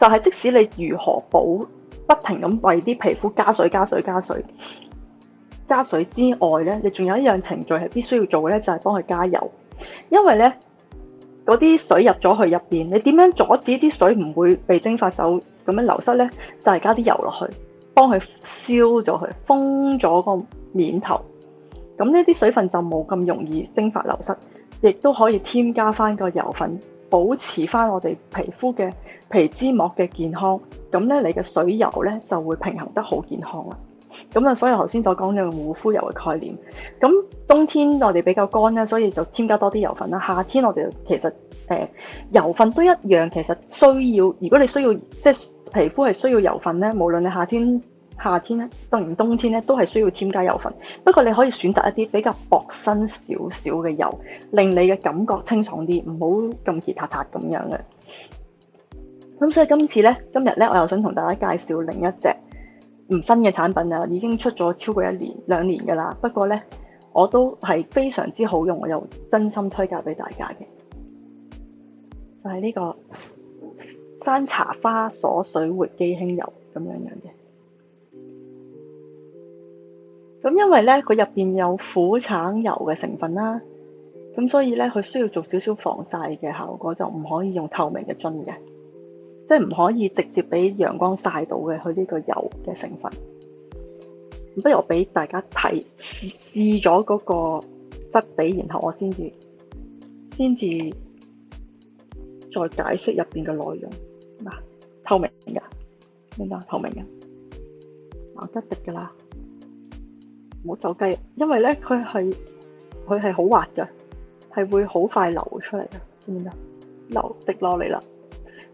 就係、是、即使你如何補，不停咁為啲皮膚加水加水加水加水之外呢，你仲有一樣程序係必須要做呢，就係幫佢加油。因為咧，嗰啲水入咗去入邊，你點樣阻止啲水唔會被蒸發走咁樣流失咧？就係加啲油落去，幫佢燒咗佢，封咗個面頭。咁呢啲水分就冇咁容易蒸發流失，亦都可以添加翻個油分，保持翻我哋皮膚嘅皮脂膜嘅健康。咁咧，你嘅水油咧就會平衡得好健康啦。咁啊，所以頭先所講嘅護膚油嘅概念，咁冬天我哋比較乾咧，所以就添加多啲油份啦。夏天我哋其實誒、呃、油份都一樣，其實需要。如果你需要即係皮膚係需要油份咧，無論你夏天、夏天咧，當然冬天咧都係需要添加油份。不過你可以選擇一啲比較薄身少少嘅油，令你嘅感覺清爽啲，唔好咁熱塌塌咁樣嘅。咁所以今次咧，今日咧，我又想同大家介紹另一隻。唔新嘅產品啊，已經出咗超過一年、兩年噶啦。不過咧，我都係非常之好用，我又真心推介俾大家嘅，就係呢個山茶花鎖水活肌輕油咁樣樣嘅。咁因為咧，佢入邊有苦橙油嘅成分啦，咁所以咧，佢需要做少少防曬嘅效果，就唔可以用透明嘅樽嘅。即係唔可以直接俾陽光曬到嘅，佢呢個油嘅成分。不如我俾大家睇試咗嗰個質地，然後我先至先至再解釋入邊嘅內容。嗱、啊，透明㗎，明唔明？透明嘅，流、啊、得滴㗎啦，唔好走雞，因為咧佢係佢係好滑嘅，係會好快流出嚟嘅，知唔知？啊？流滴落嚟啦。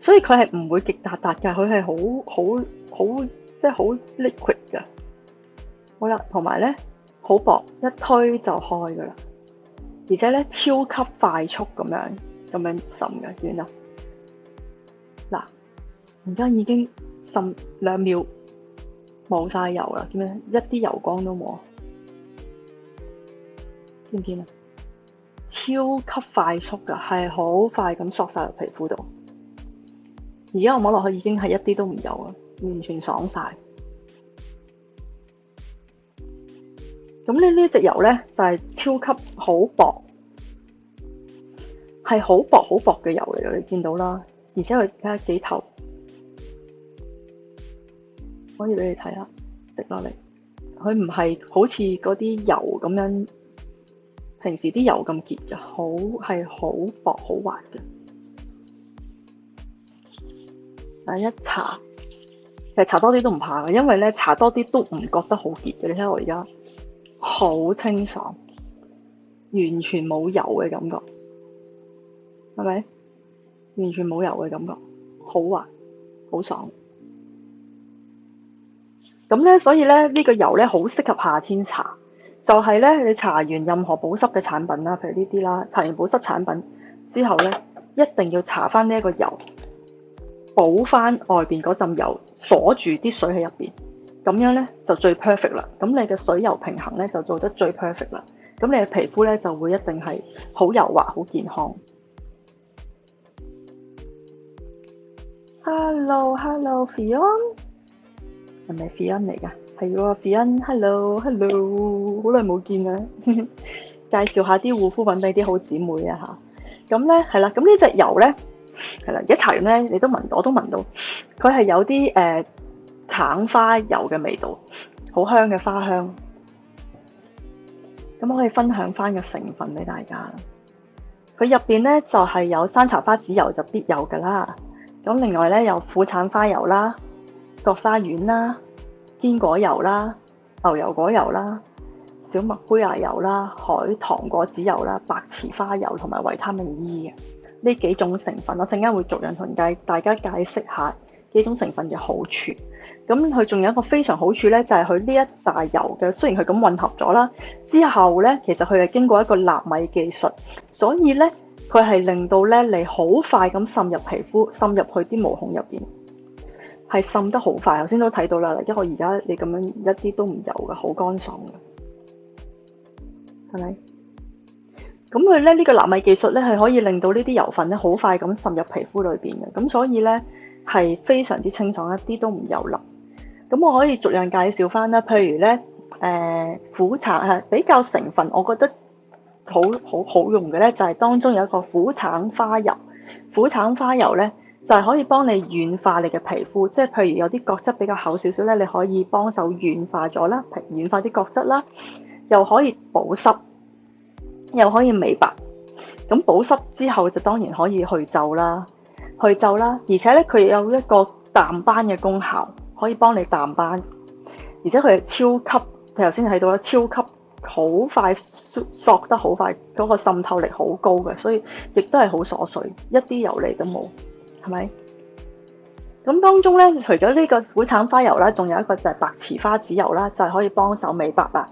所以佢係唔會極沓沓噶，佢係好好好即係好 liquid 噶。好啦，同埋咧，好薄，一推就開噶啦，而且咧超級快速咁樣咁樣滲噶，完啦。嗱，而家已經滲兩秒冇晒油啦，點樣？一啲油光都冇，見唔見啊？超級快速噶，係好快咁索晒入皮膚度。而家我摸落去已經係一啲都唔油啊，完全爽晒。咁呢呢隻油咧，就係、是、超級好薄，係好薄好薄嘅油嚟嘅，你見到啦。而且佢睇下幾透，可以俾你睇下滴落嚟。佢唔係好似嗰啲油咁樣，平時啲油咁結嘅，好係好薄好滑嘅。但一搽，其實搽多啲都唔怕嘅，因為咧搽多啲都唔覺得好澀嘅。你睇下我而家好清爽，完全冇油嘅感覺，係咪？完全冇油嘅感覺，好滑，好爽。咁咧，所以咧呢個油咧好適合夏天搽，就係咧你搽完任何保濕嘅產品啦，譬如呢啲啦，搽完保濕產品之後咧，一定要搽翻呢一個油。補翻外邊嗰陣油，鎖住啲水喺入邊，咁樣咧就最 perfect 啦。咁你嘅水油平衡咧就做得最 perfect 啦。咁你嘅皮膚咧就會一定係好柔滑、好健康。Hello，Hello，Fion，係咪 Fion 嚟噶？係啊，Fion，Hello，Hello， [LAUGHS] 好耐冇見啦！介紹下啲護膚品俾啲好姊妹啊吓。咁咧係啦，咁呢隻油咧。係啦，一搽完咧，你都聞到，我都聞到，佢係有啲誒、呃、橙花油嘅味道，好香嘅花香。咁我可以分享翻個成分俾大家。佢入邊咧就係、是、有山茶花籽油就必有噶啦，咁另外咧有苦橙花油啦、角鯊烷啦、堅果油啦、牛油果油啦、小麥胚芽油啦、海棠果籽油啦、白池花油同埋維他命 E。呢幾種成分，我陣間會逐樣同大家解釋下幾種成分嘅好處。咁佢仲有一個非常好處咧，就係佢呢一紮油嘅，雖然佢咁混合咗啦，之後咧其實佢係經過一個納米技術，所以咧佢係令到咧你好快咁滲入皮膚，滲入去啲毛孔入邊，係滲得好快。頭先都睇到啦，因為我而家你咁樣一啲都唔油嘅，好乾爽嘅，係咪？咁佢咧呢、呢個納米技術咧係可以令到呢啲油分咧好快咁滲入皮膚裏邊嘅，咁所以咧係非常之清爽一些，一啲都唔油膩。咁我可以逐樣介紹翻啦，譬如咧，誒、呃、苦橙係，比較成分，我覺得好好好用嘅咧，就係、是、當中有一個苦橙花油。苦橙花油咧就係、是、可以幫你軟化你嘅皮膚，即係譬如有啲角質比較厚少少咧，你可以幫手軟化咗啦，平軟化啲角質啦，又可以保濕。又可以美白，咁保濕之後就當然可以去皺啦，去皺啦，而且咧佢有一個淡斑嘅功效，可以幫你淡斑，而且佢係超級，你頭先睇到啦，超級好快，索得好快，嗰個滲透力好高嘅，所以亦都係好鎖水，一啲油膩都冇，係咪？咁當中咧，除咗呢個苦橙花油啦，仲有一個就係白池花籽油啦，就係可以幫手美白啦。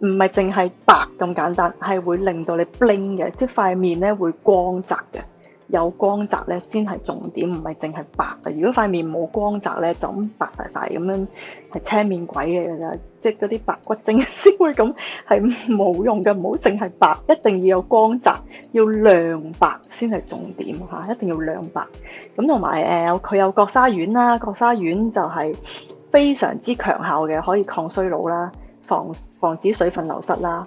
唔係淨係白咁簡單，係會令到你 bling 嘅，即塊面咧會光澤嘅，有光澤咧先係重點，唔係淨係白嘅。如果塊面冇光澤咧，就咁白晒晒咁樣，係青面鬼嘅噶咋？即嗰啲白骨精先會咁，係冇用嘅。唔好淨係白，一定要有光澤，要亮白先係重點吓，一定要亮白。咁同埋誒，佢有角鯊烷啦，角鯊烷就係非常之強效嘅，可以抗衰老啦。防防止水分流失啦，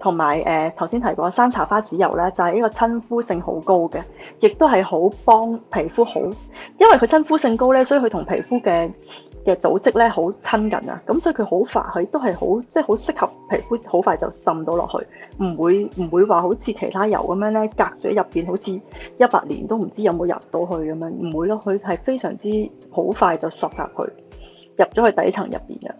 同埋誒頭先提過山茶花籽油咧，就係一個親膚性好高嘅，亦都係好幫皮膚好。因為佢親膚性高咧，所以佢同皮膚嘅嘅組織咧好親近啊。咁所以佢好快，佢都係好即係好適合皮膚，好快就滲到落去，唔會唔會話好似其他油咁樣咧，隔咗入邊好似一百年都唔知有冇入到去咁樣，唔會咯。佢係非常之好快就索殺佢，入咗去底層入邊嘅。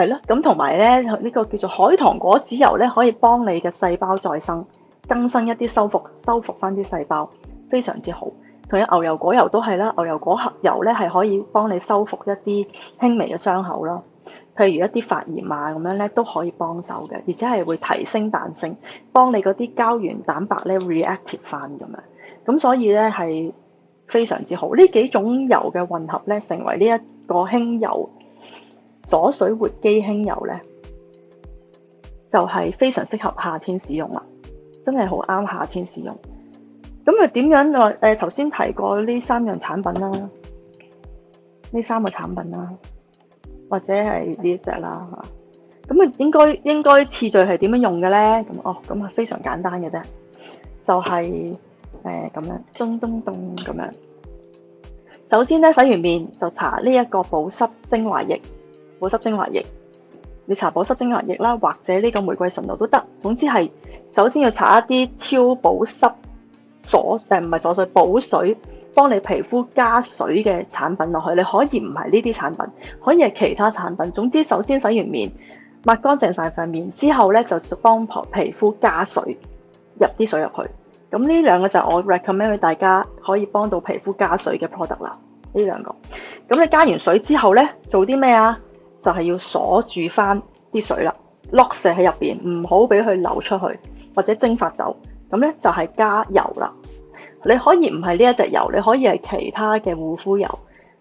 係咯，咁同埋咧，呢個叫做海棠果籽油咧，可以幫你嘅細胞再生、更新一啲修復、修復翻啲細胞，非常之好。同埋牛油果油都係啦，牛油果油咧係可以幫你修復一啲輕微嘅傷口啦，譬如一啲發炎啊咁樣咧都可以幫手嘅，而且係會提升彈性，幫你嗰啲膠原蛋白咧 reactive 翻咁樣。咁所以咧係非常之好，呢幾種油嘅混合咧，成為呢一個輕油。鎖水活肌輕油咧，就係、是、非常適合夏天使用啦。真係好啱夏天使用。咁啊，點樣？誒，頭先提過呢三樣產品啦，呢三個產品啦，或者係呢一隻啦，咁啊，應該應該次序係點樣用嘅咧？咁哦，咁啊，非常簡單嘅啫，就係誒咁樣，咚咚咚咁樣。首先咧，洗完面就搽呢一個保濕精華液。保濕精華液，你搽保濕精華液啦，或者呢個玫瑰純露都得。總之係首先要搽一啲超保濕鎖，誒唔係鎖水保水，幫你皮膚加水嘅產品落去。你可以唔係呢啲產品，可以係其他產品。總之，首先洗完面抹乾淨晒塊面之後咧，就幫皮膚加水，入啲水入去。咁呢兩個就係我 recommend 俾大家可以幫到皮膚加水嘅 product 啦。呢兩個咁你加完水之後咧，做啲咩啊？就係、是、要鎖住翻啲水啦，lock 實喺入邊，唔好俾佢流出去或者蒸發走。咁呢就係加油啦。你可以唔係呢一隻油，你可以係其他嘅護膚油，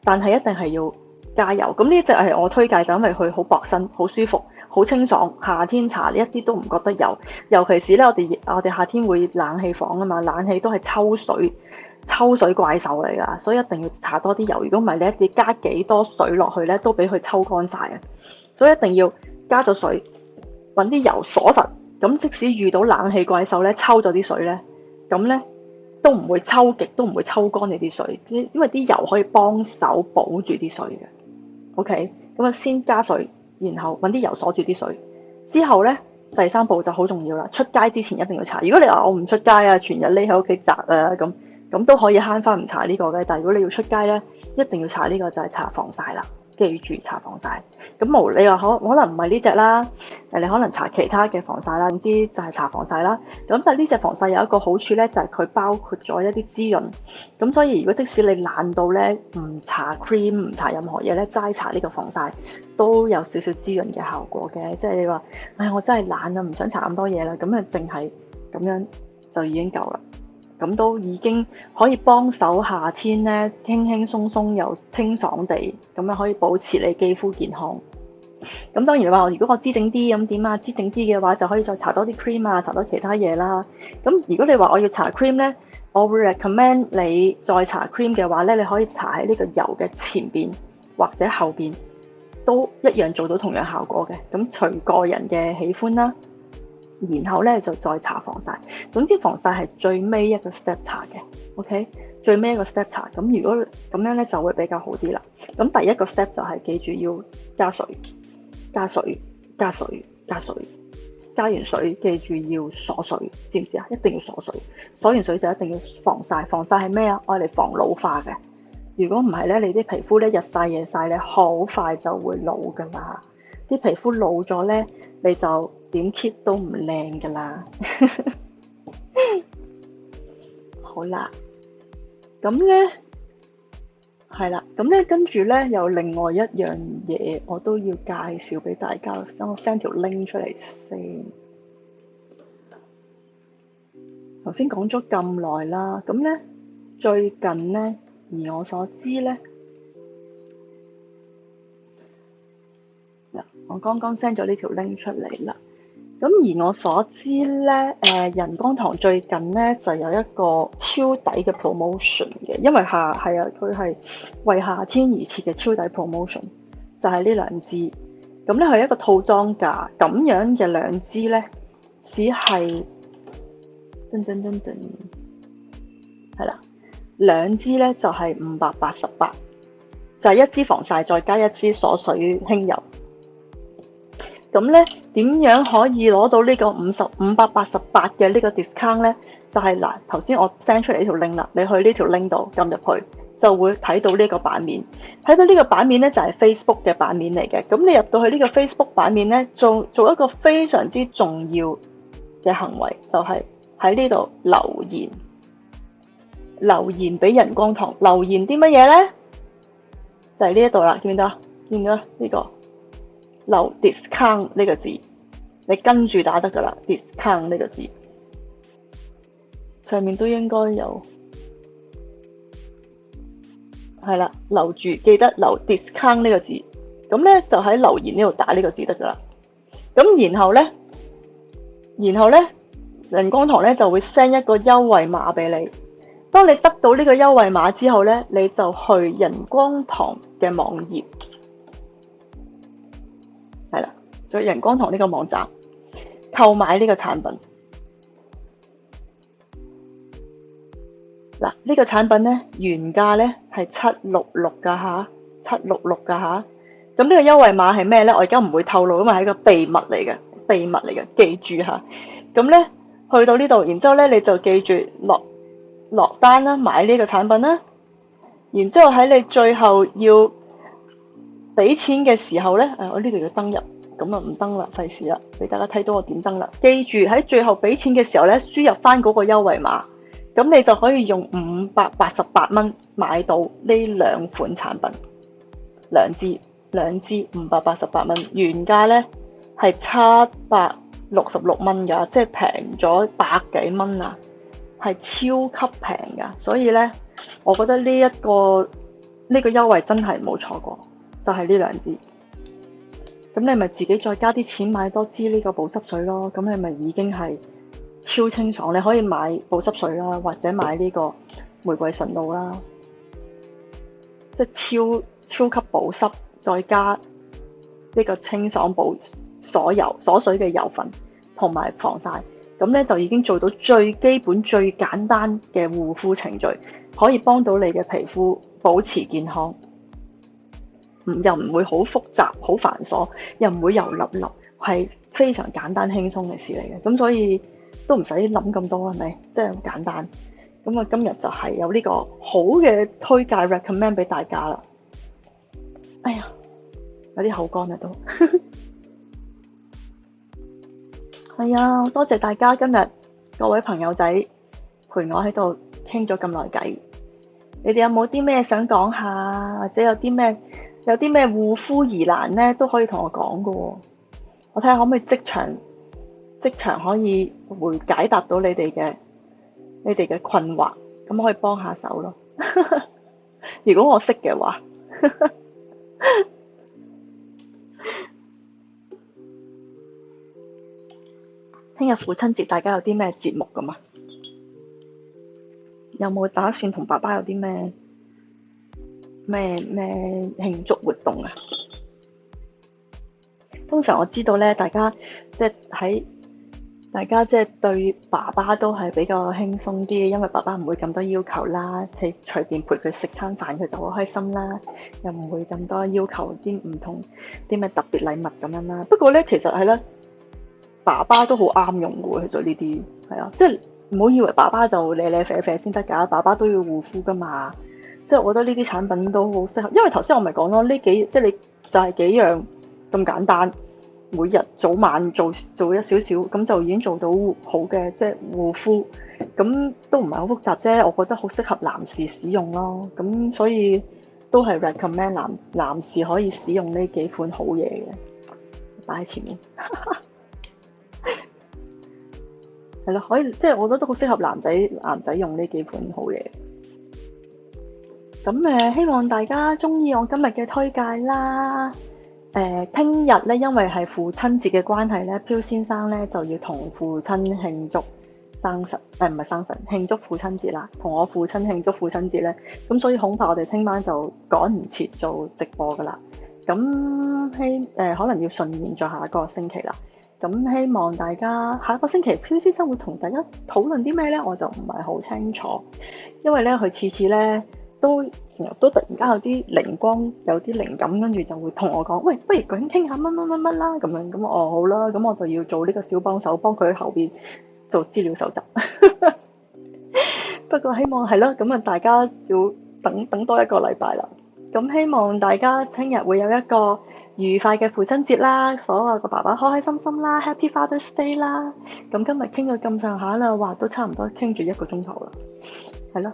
但係一定係要加油。咁呢一隻係我推介，就因為佢好薄身，好舒服，好清爽。夏天搽呢一啲都唔覺得油。尤其是呢，我哋我哋夏天會冷氣房啊嘛，冷氣都係抽水。抽水怪獸嚟噶，所以一定要搽多啲油。如果唔係，你你加幾多水落去咧，都俾佢抽乾晒啊！所以一定要加咗水，搵啲油鎖實。咁即使遇到冷氣怪獸咧，抽咗啲水咧，咁咧都唔會抽極，都唔會抽乾你啲水。因為啲油可以幫手保住啲水嘅。OK，咁啊，先加水，然後搵啲油鎖住啲水。之後咧，第三步就好重要啦。出街之前一定要搽。如果你話我唔出街啊，全日匿喺屋企宅啊咁。咁都可以慳翻唔搽呢個嘅，但係如果你要出街呢，一定要搽呢個就係搽防曬啦。記住搽防曬。咁無你話可可能唔係呢隻啦，誒你可能搽其他嘅防曬啦，總之就係搽防曬啦。咁但係呢隻防曬有一個好處呢，就係佢包括咗一啲滋潤。咁所以如果即使你懶到呢，唔搽 cream 唔搽任何嘢呢，齋搽呢個防曬都有少少滋潤嘅效果嘅。即係你話，唉、哎，我真係懶啊，唔想搽咁多嘢啦，咁啊，淨係咁樣就已經夠啦。咁都已經可以幫手夏天呢輕輕鬆鬆又清爽地，咁樣可以保持你肌膚健康。咁當然話，如果我滋整啲咁點啊，滋整啲嘅話，就可以再搽多啲 cream 啊，搽多其他嘢啦。咁如果你話我要搽 cream 呢，我會 recommend 你再搽 cream 嘅話呢，你可以搽喺呢個油嘅前邊或者後邊，都一樣做到同樣的效果嘅。咁隨個人嘅喜歡啦。然後咧就再搽防晒，總之防晒係最尾一個 step 搽嘅，OK？最尾一個 step 搽，咁如果咁樣咧就會比較好啲啦。咁第一個 step 就係記住要加水，加水，加水，加水，加水，加完水記住要鎖水，知唔知啊？一定要鎖水，鎖完水就一定要防晒，防晒係咩啊？我嚟防老化嘅。如果唔係咧，你啲皮膚咧日晒夜晒咧，好快就會老噶嘛。啲皮膚老咗咧，你就。點 keep 都唔靚噶啦，好啦，咁咧係啦，咁咧跟住咧有另外一樣嘢，我都要介紹俾大家，等我 send 條 link 出嚟先。頭先講咗咁耐啦，咁咧最近咧，以我所知咧，嗱，我剛剛 send 咗呢條 link 出嚟啦。咁而我所知咧，誒仁光堂最近咧就有一個超抵嘅 promotion 嘅，因為夏係啊，佢係、啊啊、為夏天而設嘅超抵 promotion，就係呢兩支。咁咧係一個套裝價，咁樣嘅兩支咧，只係噔噔噔噔，係啦，兩支咧就係五百八十八，就係、是、一支防曬再加一支鎖水輕油。咁咧，點樣可以攞到呢個五十五百八十八嘅呢個 discount 咧？就係嗱，頭先我 send 出嚟呢條 link 啦，你去呢條 link 度撳入去，就會睇到呢個版面。睇到呢個版面咧，就係 Facebook 嘅版面嚟嘅。咁你入到去呢個 Facebook 版面咧，做做一個非常之重要嘅行為，就係喺呢度留言，留言俾人光堂。留言啲乜嘢咧？就係呢一度啦，見唔見到？見唔見到呢個？留 discount 呢個字，你跟住打得噶啦。discount 呢個字上面都應該有，係啦，留住記得留 discount 呢個字。咁咧就喺留言呢度打呢個字得噶啦。咁然後咧，然後咧，人光堂咧就會 send 一個優惠碼俾你。當你得到呢個優惠碼之後咧，你就去人光堂嘅網頁。在人光堂呢個網站購買呢個產品。嗱，呢個產品呢，原價呢係七六六㗎。吓，七六六㗎。吓。咁呢個優惠碼係咩呢？我而家唔會透露，因為係一個秘密嚟㗎。秘密嚟㗎，記住下，咁呢去到呢度，然後呢，你就記住落落單啦，買呢個產品啦。然之後喺你最後要俾錢嘅時候呢，啊，我呢度要登入。咁啊，唔登啦，費事啦，俾大家睇到我點燈啦。記住喺最後俾錢嘅時候呢，輸入翻嗰個優惠碼，咁你就可以用五百八十八蚊買到呢兩款產品，兩支兩支五百八十八蚊，原價呢係七百六十六蚊噶，即係平咗百幾蚊啊，係超級平噶。所以呢，我覺得呢、這、一個呢、這個優惠真係冇錯過，就係、是、呢兩支。咁你咪自己再加啲錢買多支呢個保濕水咯，咁你咪已經係超清爽。你可以買保濕水啦，或者買呢個玫瑰純露啦，即係超超級保濕，再加呢個清爽保鎖油鎖水嘅油分同埋防曬，咁咧就已經做到最基本、最簡單嘅護膚程序，可以幫到你嘅皮膚保持健康。又唔會好複雜，好繁瑣，又唔會油立立，係非常簡單輕鬆嘅事嚟嘅。咁所以都唔使諗咁多，係咪？真係好簡單。咁啊，今日就係有呢個好嘅推介 recommend 俾大家啦。哎呀，有啲口乾啊，都係啊、 [LAUGHS] 哎，多謝大家今日各位朋友仔陪我喺度傾咗咁耐偈。你哋有冇啲咩想講下，或者有啲咩？有啲咩護膚疑難咧，都可以同我講㗎喎。我睇下可唔可以即場即場可以回解答到你哋嘅你哋嘅困惑，咁可以幫下手咯。 [LAUGHS] 如果我識嘅話，聽 [LAUGHS] 日，父親節，大家有啲咩節目㗎嘛？有冇打算同爸爸有啲咩？咩咩慶祝活動啊？通常我知道咧，大家即係喺大家即係對爸爸都係比較輕鬆啲，因為爸爸唔會咁多要求啦，即係隨便陪佢食餐飯，佢就好開心啦，又唔會咁多要求啲唔同啲咩特別禮物咁樣啦。不過咧，其實係咧，爸爸都好啱用嘅去做呢啲係啊，即係唔好以為爸爸就靚靚肥肥先得噶，爸爸都要護膚噶嘛。即係我覺得呢啲產品都好適合，因為頭先我咪講咯，呢幾即係你就係幾樣咁簡單，每日早晚做做一少少，咁就已經做到好嘅，即係護膚，咁都唔係好複雜啫。我覺得好適合男士使用咯，咁所以都係 recommend 男男士可以使用呢幾款好嘢嘅擺喺前面，係 [LAUGHS] 喇，可以即係我覺得都好適合男仔男仔用呢幾款好嘢。咁誒、呃，希望大家中意我今日嘅推介啦。誒、呃，聽日咧，因為係父親節嘅關係咧，飄先生咧就要同父親慶祝生辰，誒、呃，唔係生辰，慶祝父親節啦。同我父親慶祝父親節咧，咁所以恐怕我哋聽晚就趕唔切做直播噶啦。咁希誒，可能要順延再下一個星期啦。咁希望大家下一個星期飄先生會同大家討論啲咩咧，我就唔係好清楚，因為咧佢次次咧。都成日都突然間有啲靈光，有啲靈感，跟住就會同我講：喂，不如咁傾下乜乜乜乜啦咁樣咁哦好啦，咁我就要做呢個小幫手，幫佢後邊做資料搜集。 [LAUGHS] 不過希望係咯，咁啊大家要等等多一個禮拜啦。咁希望大家聽日會有一個愉快嘅父親節啦，所有嘅爸爸開開心心啦 [LAUGHS] ，Happy Father’s Day 啦。咁今日傾到咁上下啦，話都差唔多傾住一個鐘頭啦，係咯。